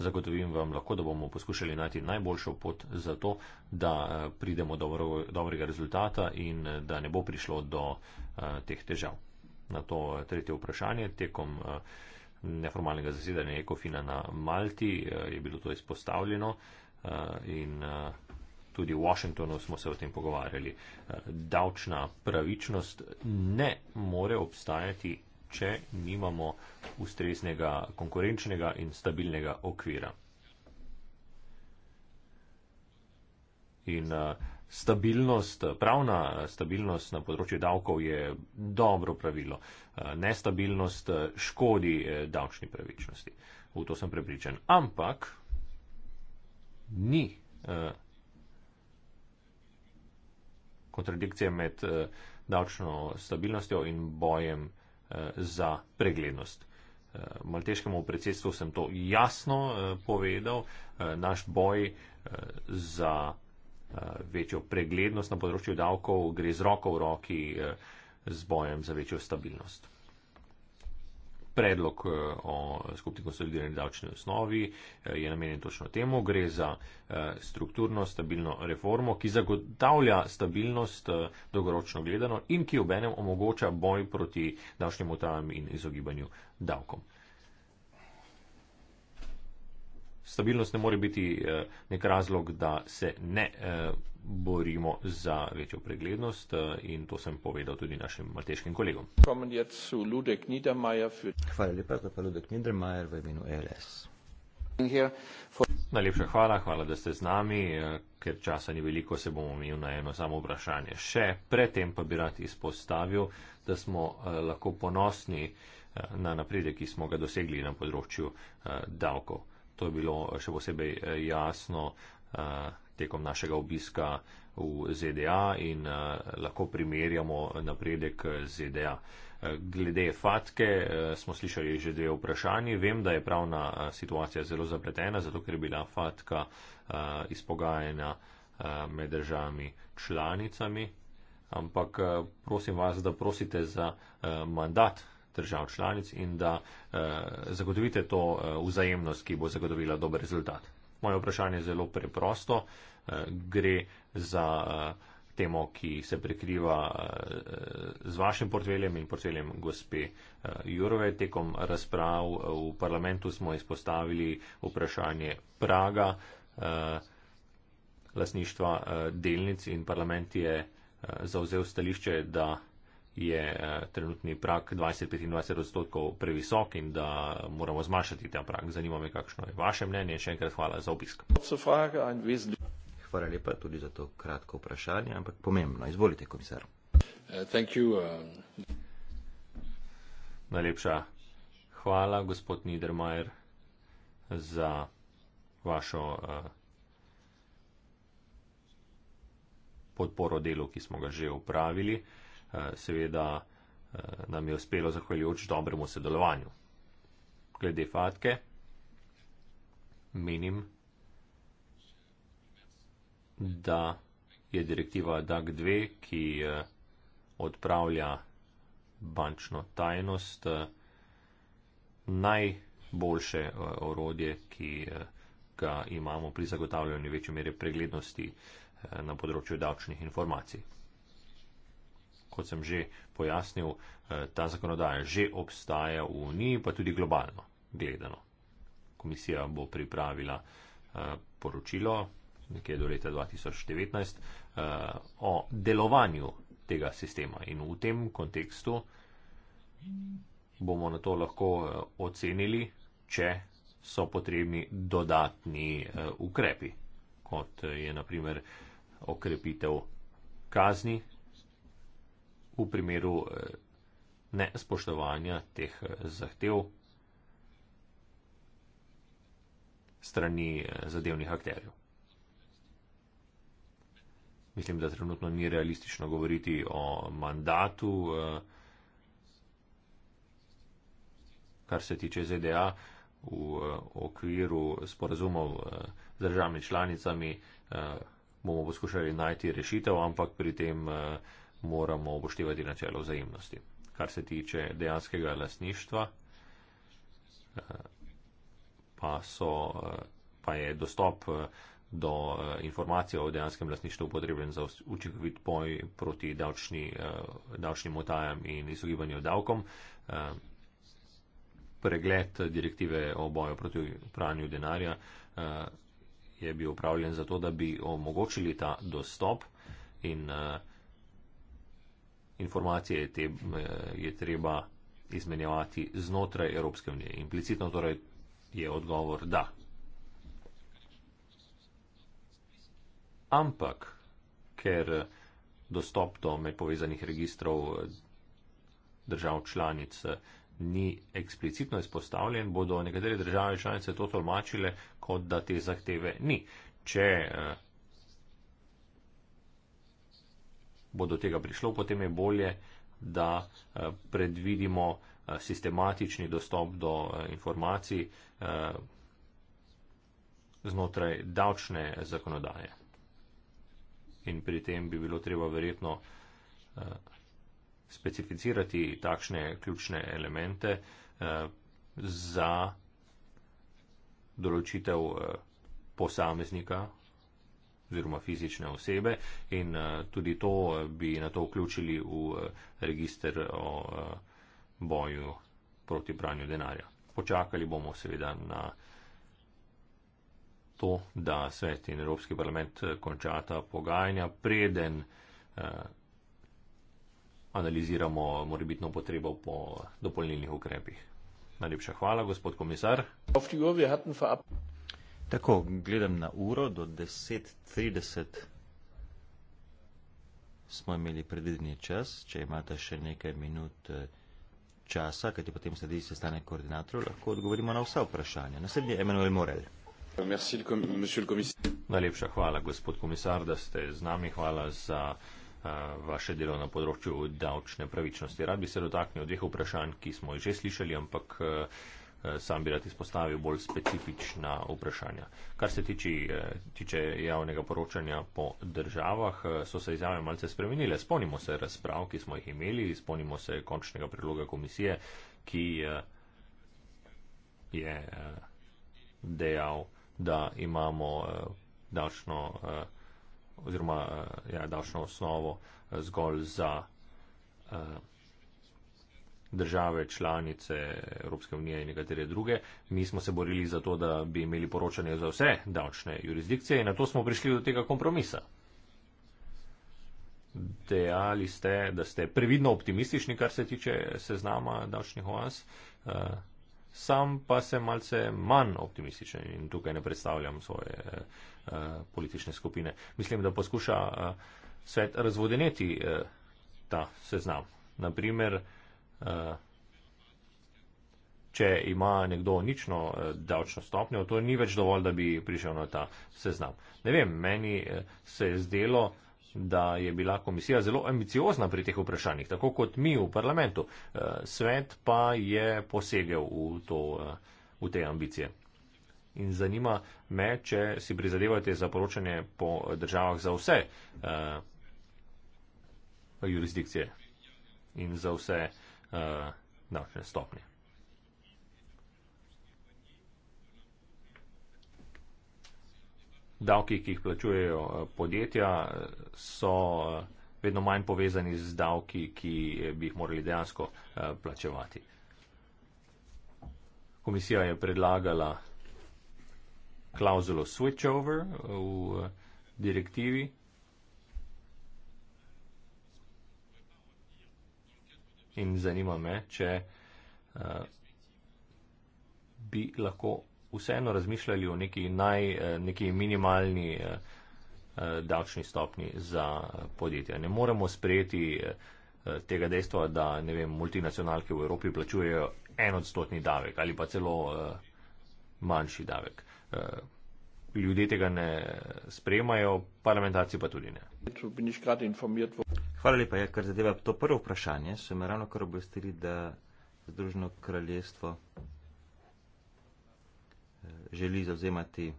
Speaker 3: zagotovim vam lahko, da bomo poskušali najti najboljšo pot za to, da eh, pridemo do dobro, dobrega rezultata in eh, da ne bo prišlo do eh, teh težav. Na to tretje vprašanje tekom neformalnega zasedanja Ekofina na Malti je bilo to izpostavljeno in tudi v Washingtonu smo se o tem pogovarjali. Davčna pravičnost ne more obstajati če nimamo ustreznega konkurenčnega in stabilnega okvira. In eh, stabilnost, pravna stabilnost na področju davkov je dobro pravilo. Eh, nestabilnost eh, škodi davčni pravičnosti. V to sem prepričan. Ampak ni kontradikcije med davčno stabilnostjo in bojem. Eh, za preglednost. Eh, malteškemu predsedstvu sem to jasno eh, povedal. Naš boj za večjo preglednost na področju davkov gre z roko v roki z bojem za večjo stabilnost predlog eh, o skupni konsolidirani davčni osnovi eh, je namenjen točno temu. Gre za eh, strukturno, stabilno reformo, ki zagotavlja stabilnost dolgoročno gledano in ki obenem omogoča boj proti davčnim utajam in izogibanju davkom. stabilnost ne more biti eh, nek razlog, da se ne eh, borimo za večjo preglednost eh, in to sem povedal tudi našim malteškim kolegom. Hvala lepa, to pa Ludek Niedermayer v imenu ELS. Najlepša hvala, hvala, da ste z nami, ker časa ni veliko, se bomo imeli na eno samo vprašanje. Še predtem pa bi rad izpostavil, da smo lahko ponosni na napredek, ki smo ga dosegli na področju davkov. To je bilo eh, še posebej eh, jasno eh, tekom našega obiska v ZDA in lahko primerjamo napredek ZDA. Glede fatke smo slišali že dve vprašanji. Vem, da je pravna situacija zelo zapletena, zato ker je bila fatka izpogajena med državami članicami. Ampak prosim vas, da prosite za mandat držav članic in da eh, zagotovite to eh, vzajemnost, ki bo zagotovila dober rezultat. Moje vprašanje je zelo preprosto. Eh, gre za eh, temo, ki se prekriva eh, z vašim portveljem in portveljem gospe eh, Jurove. Tekom razprav eh, v parlamentu smo izpostavili vprašanje Praga, eh, lasništva eh, delnic in parlament je eh, zauzel stališče, da je eh, trenutni prak 20-25 odstotkov previsok in da moramo zmanjšati ta prak. Zanima me, kakšno je vaše mnenje in še enkrat hvala za obisk. Hvala lepa tudi za to kratko vprašanje, ampak pomembno. Izvolite, komisar. Eh, eh. Najlepša hvala, gospod Niedermayer, za vašo podporo delu, ki smo ga že upravili. Eh, seveda eh, nam je uspelo zahvaljujoč dobremu sodelovanju. Glede fatke, menim, da je direktiva DAG 2, ki eh, odpravlja bančno tajnost, najboljše orodje, ki ga imamo pri zagotavljanju večje mere preglednosti na področju davčnih informacij kot sem že pojasnil, eh, ta zakonodaja že obstaja v Uniji, pa tudi globalno gledano. Komisija bo pripravila eh, poročilo nekje do leta 2019 eh, o delovanju tega sistema in v tem kontekstu bomo na to lahko ocenili, če so potrebni dodatni ukrepi, kot je naprimer okrepitev kazni v primeru eh, nespoštovanja teh eh, zahtev strani eh, zadevnih akterjev. Mislim, da trenutno ni realistično govoriti o mandatu, kar se tiče ZDA, v okviru sporazumov z državnimi članicami bomo poskušali najti rešitev, ampak pri tem eh, moramo upoštevati načelo vzajemnosti. Kar se tiče dejanskega lasništva, eh, pa, so, eh, pa je dostop eh, do informacij o dejanskem lasništvu potreben za učinkovit boj proti davčni, davčnim otajam in izogibanju davkom. Pregled direktive o boju proti pranju denarja je bil upravljen zato, da bi omogočili ta dostop in uh, informacije je, te, eh, je treba izmenjevati znotraj Evropske unije. Implicitno torej je odgovor da. Ampak, ker dostop do medpovezanih registrov eh, držav članic eh, ni eksplicitno izpostavljen, bodo nekatere države članice to tolmačile, kot da te zahteve ni. Če bo do tega prišlo, potem je bolje, da eh, predvidimo eh, sistematični dostop do eh, informacij znotraj davčne zakonodaje. In pri tem bi bilo treba verjetno specificirati takšne ključne elemente za določitev posameznika oziroma fizične osebe in eh, tudi to eh, bi na to vključili v eh, register o boju proti branju denarja. Počakali bomo seveda na to, da svet in Evropski parlament končata pogajanja, preden analiziramo morebitno potrebo po dopolnilnih ukrepih. Najlepša hvala, gospod komisar. Tako, gledam na uro, do 10.30
Speaker 2: smo imeli predvidni čas. Če imate še nekaj minut eh, časa, kajti potem sledi sestanek koordinatorjev, lahko odgovorimo na vsa
Speaker 3: vprašanja. Naslednji je Emanuel Morel. Najlepša hvala, gospod komisar, da ste z nami. Hvala za eh, vaše delo na področju davčne pravičnosti. Rad bi se dotaknil dveh vprašanj, ki smo jih že slišali, ampak uh, Eh, sam bi rad izpostavil bolj specifična vprašanja. Kar se tiče, eh, tiče javnega poročanja po državah, eh, so se izjave malce spremenile. Spomnimo se razprav, ki smo jih imeli, spomnimo se končnega predloga komisije, ki je dejal, da imamo davčno oziroma ja, davčno osnovo zgolj za države članice Evropske unije in nekatere druge. Mi smo se borili za to, da bi imeli poročanje za vse davčne jurisdikcije in na to smo prišli do tega kompromisa. Dejali ste, da ste previdno optimistični, kar se tiče seznama davčnih oas, eh, sam pa sem malce manj optimističen in tukaj ne predstavljam svoje eh, politične skupine. Mislim, da poskuša eh, svet razvodeneti ta seznam. Naprimer, Eh, če ima nekdo nično eh, davčno stopnjo, to ni več dovolj, da bi prišel na ta seznam. Ne vem, meni eh, se je zdelo, da je bila komisija zelo ambiciozna pri teh vprašanjih, tako kot mi v parlamentu. Svet pa je posegel v, to, v te ambicije. In zanima me, če si prizadevate za poročanje po državah za vse uh, jurisdikcije in za vse uh, Uh, eh, no, just stop me. Davki, ki jih plačujejo eh, podjetja, eh, so vedno manj povezani z davki, ki bi jih morali dejansko plačevati. Komisija je predlagala klauzulo switchover v direktivi, in zanima me, če uh, bi lahko vseeno razmišljali o neki, naj, eh, neki minimalni uh, davčni stopni za podjetja. Ne moremo sprejeti uh, tega dejstva, da ne vem, multinacionalke v Evropi plačujejo enodstotni davek ali pa celo uh, manjši davek. Uh, Ljudje tega ne sprejemajo, parlamentarci pa tudi ne. Hvala lepa. Ja, kar zadeva to prvo vprašanje, so
Speaker 2: me ravno kar obvestili, da Združeno kraljestvo eh, želi zauzemati mm,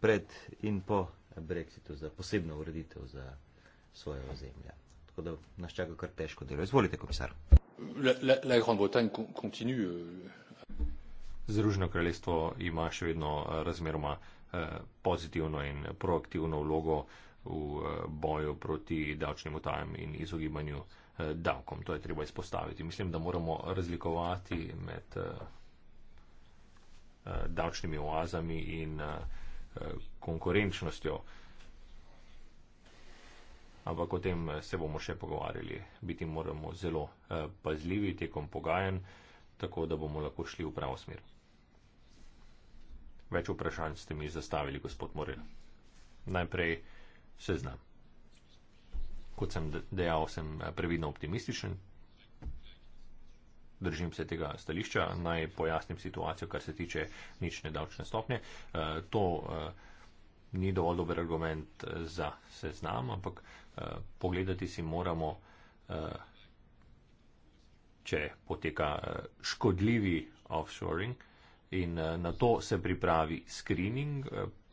Speaker 2: pred in po Brexitu za posebno ureditev za svoje ozemlje. Tako da nas čaka kar
Speaker 3: težko delo. Izvolite, komisar.
Speaker 1: Euh.
Speaker 3: Združeno kraljestvo ima še vedno eh, razmeroma eh, pozitivno in proaktivno vlogo v eh, boju proti davčnim utajam in izogibanju eh, davkom. To je treba izpostaviti. Mislim, da moramo razlikovati med eh, davčnimi oazami in konkurenčnostjo. Ampak o tem se bomo še pogovarjali. Biti moramo zelo pazljivi tekom pogajanj, tako da bomo lahko šli v pravo smer. Več vprašanj ste mi zastavili, gospod Morel. Najprej se znam. Kot sem dejal, sem eh, previdno optimističen. Držim se tega stališča. Naj pojasnim situacijo, kar se tiče nične davčne stopnje. Eh, to eh, ni dovolj dober argument za se znam, ampak pogledati si moramo, če poteka škodljivi offshoring in na to se pripravi screening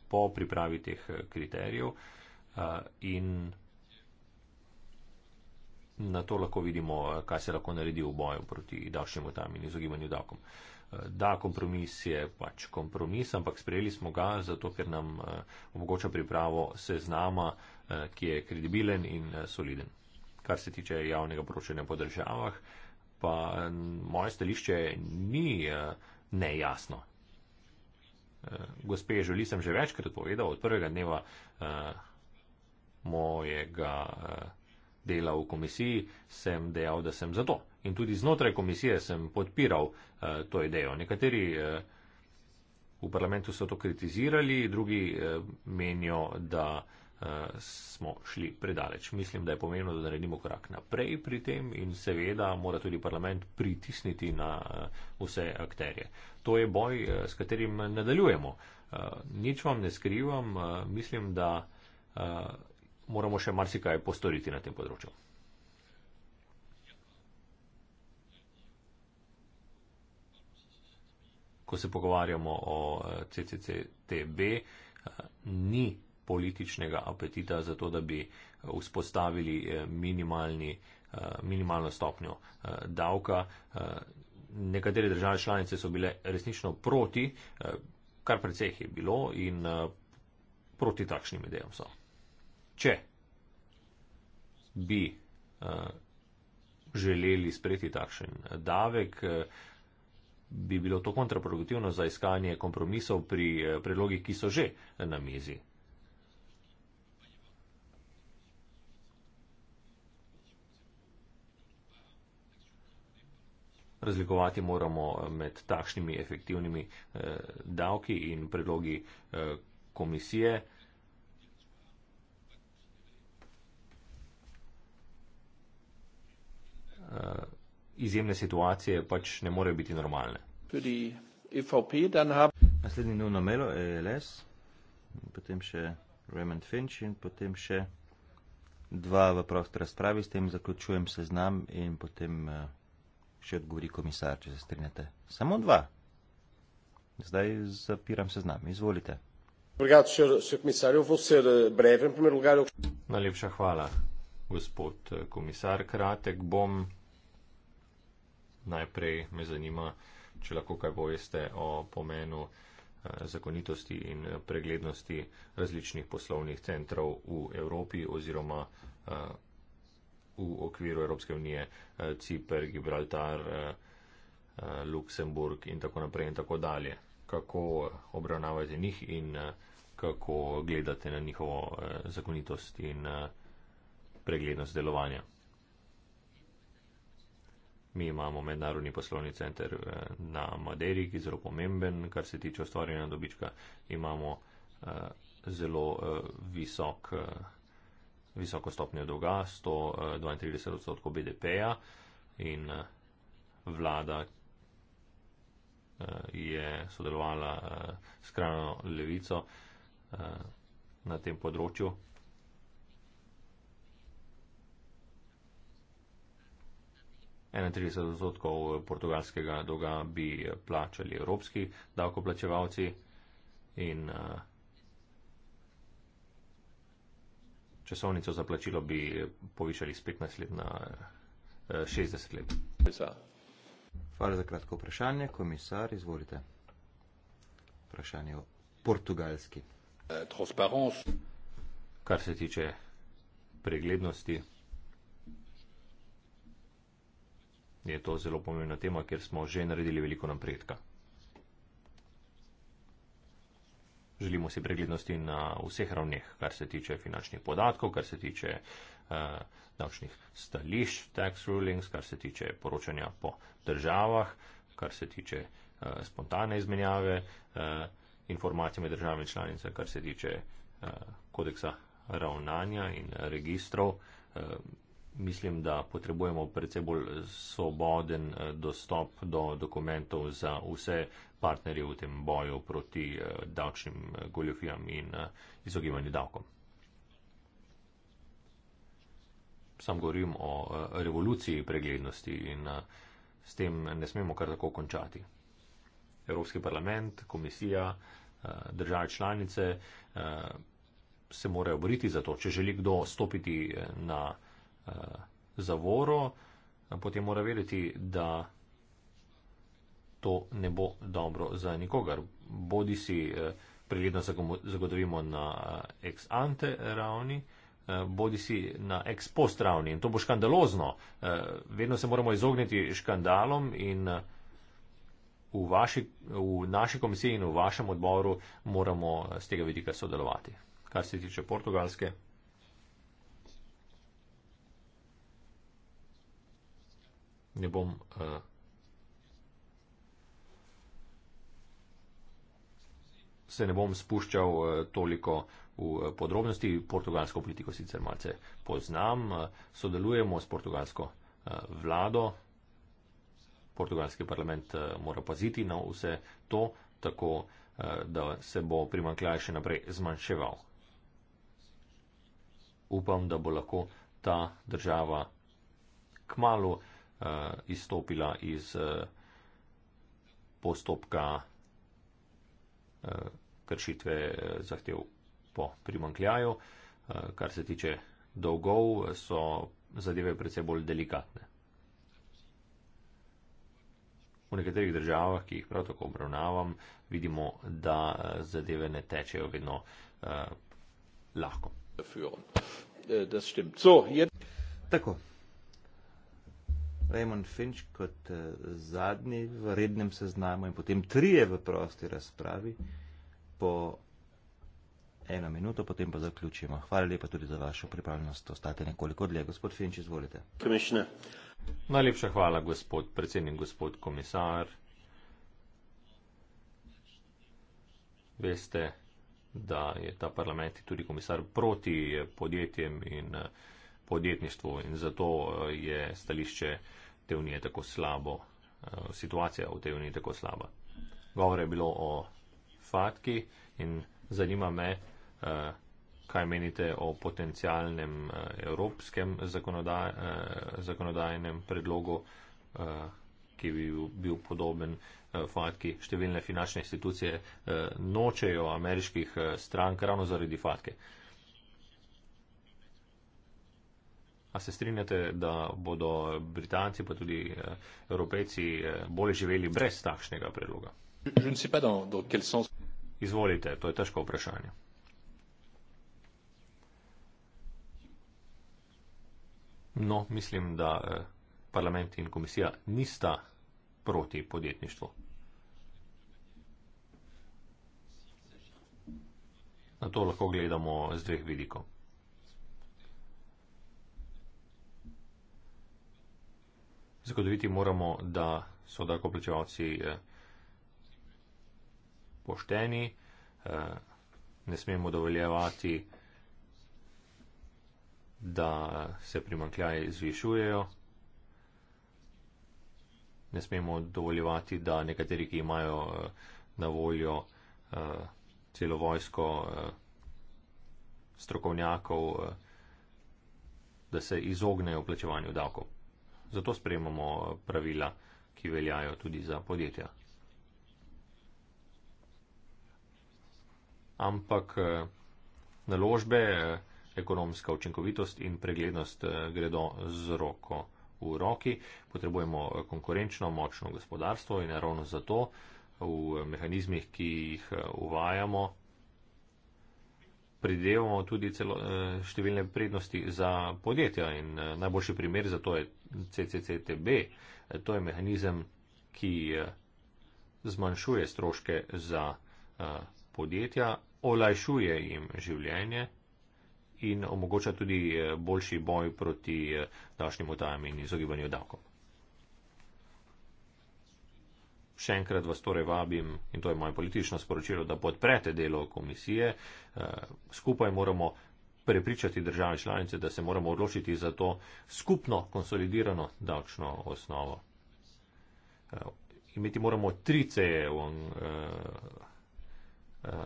Speaker 3: po pripravi teh kriterijev in na to lahko vidimo, kaj se lahko naredi v boju proti davšnjemu tam in izogibanju davkom. Da, kompromis je pač kompromis, ampak sprejeli smo ga zato, ker nam omogoča pripravo seznama, ki je kredibilen in soliden. Kar se tiče javnega poročanja po državah, pa moje stališče ni nejasno. Gospe Žoli sem že večkrat povedal, od prvega dneva mojega eh, dela v komisiji, sem dejal, da sem za to. In tudi znotraj komisije sem podpiral eh, to idejo. Nekateri eh, v parlamentu so to kritizirali, drugi eh, menijo, da eh, smo šli predaleč. Mislim, da je pomembno, da naredimo korak naprej pri tem in seveda mora tudi parlament pritisniti na eh, vse akterje. To je boj, eh, s katerim nadaljujemo. Eh, nič vam ne skrivam, eh, mislim, da. Eh, moramo še marsikaj postoriti na tem področju. Ko se pogovarjamo o eh, CCCTB, eh, ni političnega apetita za to, da bi eh, vzpostavili minimalni, minimalno stopnjo davka. Nekatere države članice so bile resnično proti, kar precej jih je bilo in proti takšnim idejam so če bi eh, želeli sprejeti takšen davek, eh, bi bilo to kontraproduktivno za iskanje kompromisov pri eh, predlogih, ki so že na mizi. Razlikovati moramo med takšnimi efektivnimi davki in predlogi komisije. Eh, izjemne situacije pač ne morejo biti normalne.
Speaker 1: EVP,
Speaker 3: e Naslednji nov namelo je LS, potem še
Speaker 2: Raymond Finch in potem še dva v prosti razpravi, s tem zaključujem seznam in potem eh, še odgovori komisar, če se strinjate. Samo dva.
Speaker 3: Zdaj zapiram seznam. Izvolite. Eh, Najlepša hvala, gospod komisar. Kratek bom. Najprej me zanima, če lahko kaj poveste o pomenu eh, zakonitosti in eh, preglednosti različnih poslovnih centrov v Evropi oziroma eh, v okviru Evropske unije, Cipr, Gibraltar, Luksemburg in tako naprej in tako dalje. Kako obravnavate njih in kako gledate na njihovo zakonitost in preglednost delovanja? Mi imamo mednarodni poslovni center eh, na Maderi, ki je zelo pomemben, kar se tiče ustvarjanja dobička. Imamo uh, zelo uh, visok, uh, visoko stopnjo dolga, 132 odstotkov BDP-ja in uh, vlada uh, je sodelovala uh, s krajno levico uh, na tem področju. 31 odstotkov portugalskega dolga bi plačali evropski davkoplačevalci in eh, časovnico za plačilo bi povišali z 15 let na 60 eh, let. Hvala za kratko vprašanje. Komisar, izvolite.
Speaker 2: Vprašanje o portugalski.
Speaker 3: Eh, Kar se tiče preglednosti. je to zelo pomembna tema, ker smo že naredili veliko napredka. Želimo si preglednosti na vseh ravneh, kar se tiče finančnih podatkov, kar se tiče uh, davčnih stališč, tax rulings, kar se tiče poročanja po državah, kar se tiče uh, spontane izmenjave uh, informacij med državami članice, kar se tiče uh, kodeksa ravnanja in registrov. Uh, mislim, da potrebujemo predvsem bolj svoboden eh, dostop do dokumentov za vse partnerje v tem boju proti eh, davčnim eh, goljofijam in izogibanju davkom. Sam govorim o revoluciji preglednosti in s tem ne smemo kar tako končati. Evropski parlament, komisija, države članice se morajo boriti za to, če želi kdo stopiti na Eh, zavoro, eh, potem mora vedeti, da to ne bo dobro za nikogar. Bodi si eh, pregledno zagotovimo na ex ante ravni, bodi si na ex post ravni in to bo škandalozno. Vedno se moramo izogniti škandalom in v, vaši, v naši komisiji in v vašem odboru moramo z tega vidika sodelovati. Kar se tiče portugalske ne bom. Uh, se ne bom spuščal uh, toliko v uh, podrobnosti. Portugalsko politiko sicer malce poznam, uh, sodelujemo s portugalsko uh, vlado. Portugalski parlament mora paziti na vse to, tako da se bo primankljaj še naprej zmanjševal. Upam, da bo lahko ta država kmalo uh, izstopila iz uh, postopka uh, kršitve uh, zahtev po primankljaju. Uh, kar se tiče dolgov, so zadeve predvsej bolj delikatne. V nekaterih državah, ki jih prav tako obravnavam, vidimo, da zadeve ne tečejo vedno uh, lahko. Tako.
Speaker 2: Raymond Finč kot eh, zadnji v rednem seznamu in potem trije v prosti razpravi po eno minuto, potem pa
Speaker 3: zaključimo.
Speaker 2: Hvala lepa tudi za vašo pripravljenost ostati nekoliko dlje. Gospod Finč,
Speaker 3: izvolite. Commissioner. Najlepša hvala, gospod predsednik, gospod komisar. Veste, da je ta parlament tudi komisar proti podjetjem in eh, podjetništvu in zato eh, je stališče te unije tako slabo, uh, situacija v te unije tako slaba. Govor je bilo o fatki in zanima me, uh, kaj menite o potencialnem uh, evropskem zakonodaj, uh, zakonodajnem predlogu, uh, ki bi bil, bil podoben uh, fatki. Številne finančne institucije uh, nočejo ameriških uh, strank ravno zaradi fatke. Uh, A se strinjate, da bodo Britanci pa tudi eh, Evropejci eh, bolje živeli brez takšnega predloga? Izvolite, to je težko vprašanje. No, mislim, da eh, parlament in komisija nista proti podjetništvu. Na to lahko gledamo z dveh vidikov. zagotoviti moramo, da so tako plačevalci eh, pošteni, eh, ne smemo dovoljevati, da eh, se primankljaje zvišujejo, ne smemo dovoljevati, da nekateri, ki imajo na voljo celo vojsko strokovnjakov, da se izognejo plačevanju davkov zato sprejemamo pravila, ki veljajo tudi za podjetja. Ampak eh, naložbe, eh, ekonomska učinkovitost in preglednost eh, gredo z roko v roki. Potrebujemo konkurenčno, močno gospodarstvo in ravno zato v mehanizmih, ki jih uvajamo, pridevamo tudi celo, eh, številne prednosti za podjetja in eh, najboljši primer za to je CCCTB. Eh, to je mehanizem, ki zmanjšuje stroške za podjetja, olajšuje jim življenje in omogoča tudi boljši boj proti davčnim utajam in izogibanju davkom še enkrat vas torej vabim, in to je moje politično sporočilo, da podprete delo komisije. Eh, skupaj moramo prepričati države članice, da se moramo odločiti za to skupno konsolidirano davčno osnovo. Eh, imeti moramo tri ceje v eh,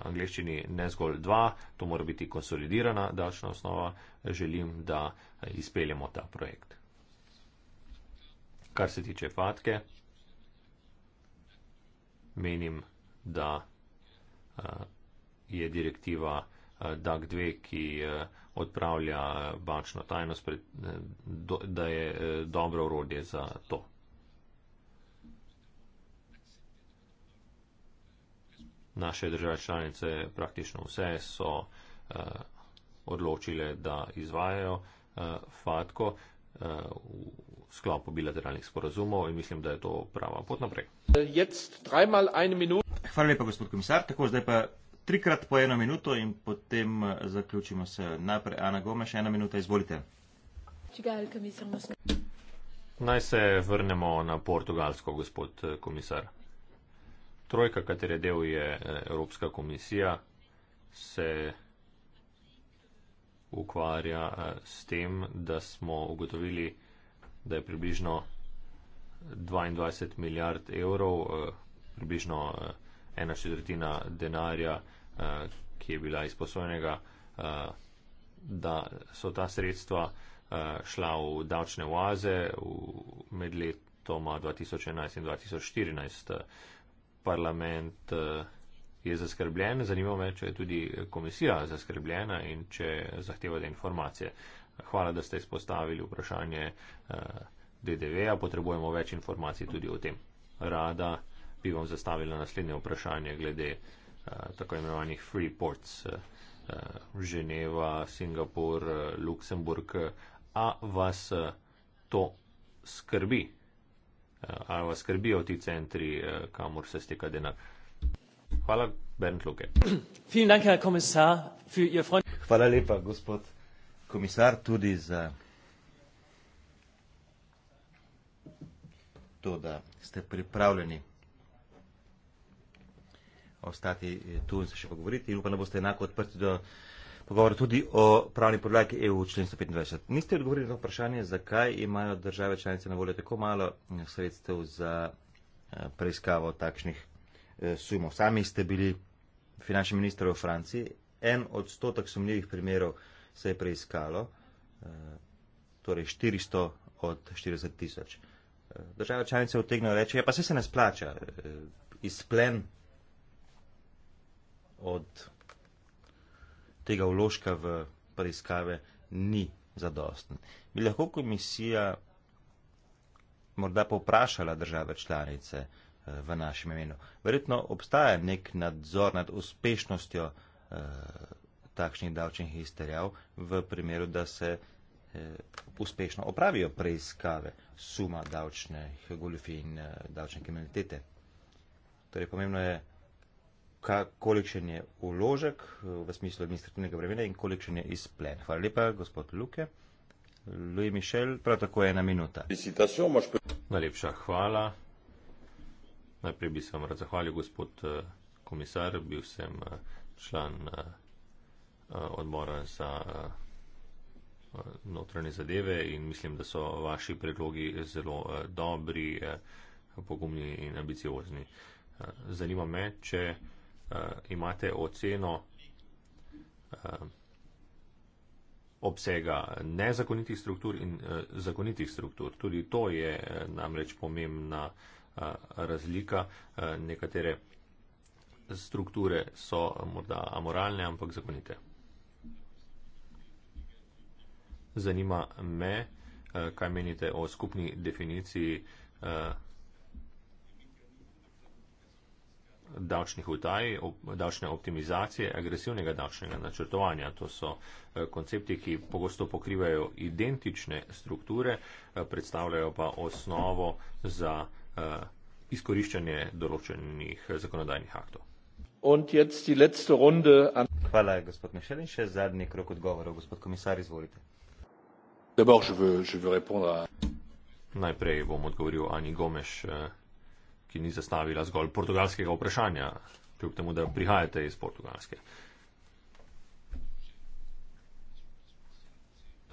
Speaker 3: angliščini, ne zgolj dva, to mora biti konsolidirana davčna osnova. Želim, da izpeljemo ta projekt. Kar se tiče fatke menim, da eh, je direktiva eh, DAG 2, ki eh, odpravlja bančno tajnost, da je dobro urodje za to. Naše države članice praktično vse so odločile, da izvajajo FATKO sklopu bilateralnih sporazumov in mislim, da je to prava pot naprej.
Speaker 2: Hvala lepa, gospod komisar. Tako, zdaj pa trikrat po eno minuto in potem eh, zaključimo
Speaker 3: se naprej. Ana Gomeš, ena minuta, izvolite. Naj se vrnemo na Portugalsko, gospod eh, komisar. Trojka, katere del je eh, Evropska komisija, se ukvarja s tem, da smo ugotovili, da je približno 22 milijard evrov, eh, približno eh, ena četrtina denarja, eh, ki je bila izposojenega, da so ta sredstva šla v davčne oaze med letoma 2011 in 2014. Parlament je zaskrbljen, zanima me, če je tudi komisija zaskrbljena in če zahteva te informacije. Hvala, da ste izpostavili vprašanje eh, DDV-ja. Potrebujemo več informacij tudi o tem. Rada bi vam zastavila naslednje vprašanje glede eh, tako imenovanih free ports. Eh, Ženeva, Singapur, Luksemburg. A vas to skrbi? A vas skrbijo ti centri, kamor se steka denar? Hvala, Bernd Luke.
Speaker 2: Hvala lepa, gospod komisar tudi za to, da ste pripravljeni ostati tu in se še pogovoriti. In upam, da boste enako odprti do pogovora tudi o pravni podlagi EU člen 125. Niste odgovorili na to vprašanje, zakaj imajo države članice na voljo tako malo eh, sredstev za eh, preiskavo takšnih eh, sumov. Sami ste bili finančni minister v Franciji. En odstotek sumljivih primerov se je preiskalo, eh, torej 400 od 40 tisoč. Eh, Država članica je vtegnila reči, ja pa se se ne splača, eh, izplen od tega vložka v preiskave ni zadosten. Bi lahko komisija morda povprašala države članice v našem imenu. Verjetno obstaja nek nadzor nad uspešnostjo takšnih davčnih izterjav, v primeru, da se eh, uspešno opravijo preiskave suma davčnih goljufij in eh, davčne kriminalitete. Torej, pomembno je, kolikšen je uložek eh, v smislu administrativnega bremena in kolikšen je
Speaker 3: izplen. Hvala lepa, gospod Luke. Louis Michel, prav tako ena minuta. Najlepša hvala. Najprej bi se vam rad zahvalil, gospod eh, komisar, bil sem eh, član Eh, odmora za eh, notranje zadeve in mislim, da so vaši predlogi zelo eh, dobri, pogumni in ambiciozni. Zanima me, če imate oceno obsega nezakonitih struktur in zakonitih struktur. Tudi to je namreč pomembna razlika. Nekatere strukture so morda amoralne, ampak zakonite. zanima me, eh, kaj menite o skupni definiciji eh, davčnih utaj, davčne optimizacije, agresivnega davčnega načrtovanja. To so eh, koncepti, ki pogosto pokrivajo identične strukture, predstavljajo pa osnovo za izkoriščanje določenih zakonodajnih aktov.
Speaker 2: Hvala, gospod Mešelin. Še zadnji krok odgovorov.
Speaker 3: Gospod komisar, izvolite. D'abord, je veux, je veux répondre à. Najprej bom odgovoril Ani Gomes, eh, ki ni zastavila zgolj portugalskega vprašanja, kljub temu, da prihajate iz Portugalske.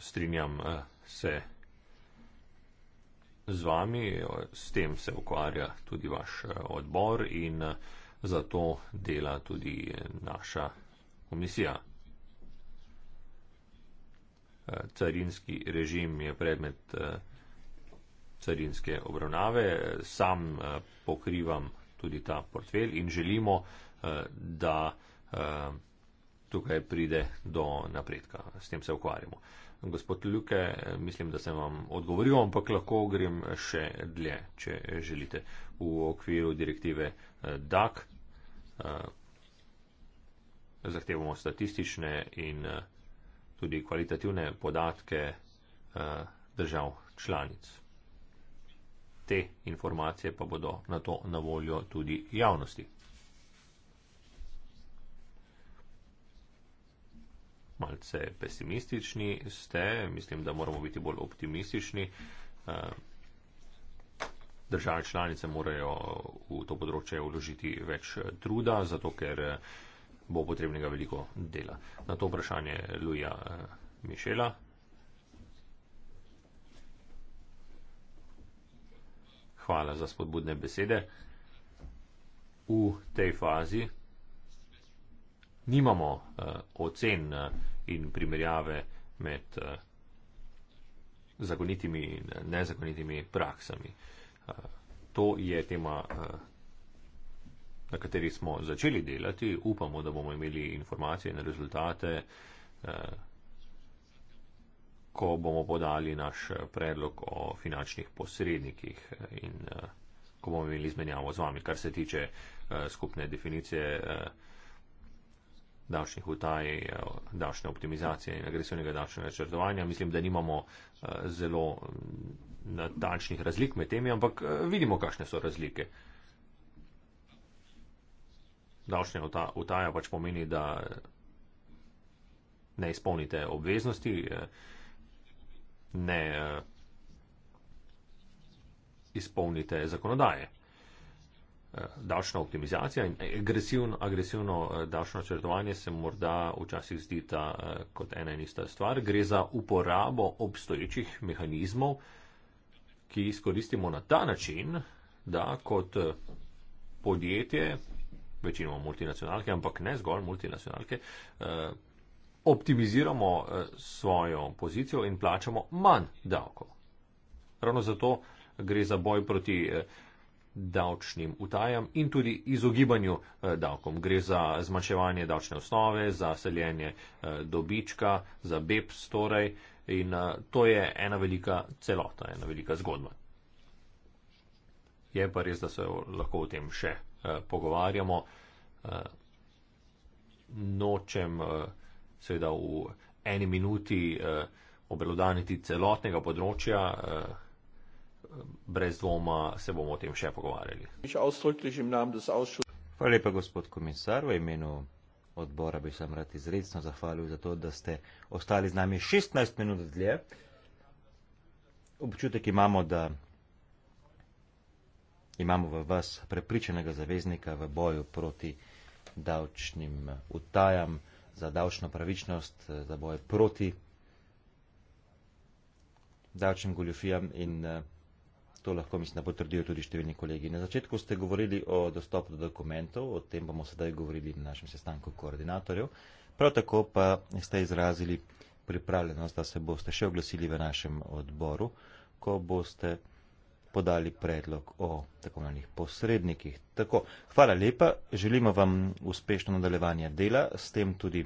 Speaker 3: Strinjam eh, se z vami, s tem se ukvarja tudi vaš eh, odbor in zato dela tudi naša komisija. Eh, carinski režim je predmet eh, carinske obravnave. Sam eh, pokrivam tudi ta portfelj in želimo, da tukaj pride do napredka. S tem se ukvarjamo. Gospod Ljuke, mislim, da sem vam odgovoril, ampak lahko grem še dlje, če želite. V okviru direktive DAC zahtevamo statistične in tudi kvalitativne podatke eh, držav članic. Te informacije pa bodo na to na voljo tudi javnosti. Malce pesimistični ste, mislim, da moramo biti bolj optimistični. Eh, države članice morajo v to področje vložiti več truda, zato ker bo potrebnega veliko dela. Na to vprašanje Luja eh, Mišela. Hvala za spodbudne besede. V tej fazi nimamo uh, ocen eh, in primerjave med uh, zakonitimi in nezakonitimi praksami. Uh, to je tema. Uh, na kateri smo začeli delati. Upamo, da bomo imeli informacije in rezultate, eh, ko bomo podali naš predlog o finančnih posrednikih in eh, ko bomo imeli izmenjavo z vami, kar se tiče eh, skupne definicije davčnih utaj, davčne optimizacije in agresivnega davčnega načrtovanja. Mislim, da nimamo zelo mm, natančnih razlik med temi, ampak vidimo, kakšne so razlike. Uh, davčna utaja pač pomeni, da ne izpolnite obveznosti, eh, ne eh, izpolnite zakonodaje. Eh, davčna optimizacija in agresivno, agresivno davčno načrtovanje se morda včasih zdi ta kot ena in ista stvar. Gre za uporabo obstoječih mehanizmov, ki izkoristimo na ta način, da kot podjetje večinoma multinacionalke, ampak ne zgolj multinacionalke, eh, optimiziramo eh, svojo pozicijo in plačamo manj davkov. Ravno zato gre za boj proti eh, davčnim utajam in tudi izogibanju davkom. Gre za zmanjševanje davčne osnove, za seljenje dobička, za BEPS torej in to je ena velika celota, ena velika zgodba. Je pa res, da se lahko o tem še eh, pogovarjamo. Eh, nočem eh, seveda v eni minuti eh, obelodaniti celotnega področja. Eh, brez dvoma se bomo o tem še pogovarjali. Hvala lepa,
Speaker 2: gospod komisar. V imenu odbora bi sem rad izredno zahvalil za to, da ste ostali z nami 16 minut dlje. Občutek imamo, da Imamo v vas prepričanega zaveznika v boju proti davčnim utajam, za davčno pravičnost, za boje proti davčnim goljofijam in eh, to lahko, mislim, da potrdijo tudi številni kolegi. Na začetku ste govorili o dostopu do dokumentov, o tem bomo sedaj govorili na našem sestanku koordinatorjev. Prav tako pa ste izrazili pripravljenost, da se boste še oglasili v našem odboru, ko boste podali predlog o tako manjih posrednikih. Tako, hvala lepa, želimo vam uspešno nadaljevanje dela, s tem tudi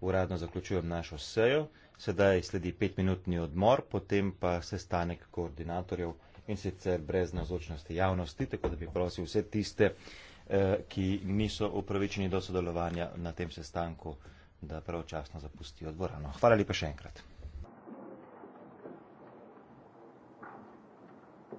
Speaker 2: uradno zaključujem našo sejo, sedaj sledi petminutni odmor, potem pa sestanek koordinatorjev in sicer brez nazočnosti javnosti, tako da bi prosil vse tiste, eh, ki niso upravičeni do sodelovanja na tem sestanku, da pravočasno zapustijo dvorano. Hvala lepa še enkrat.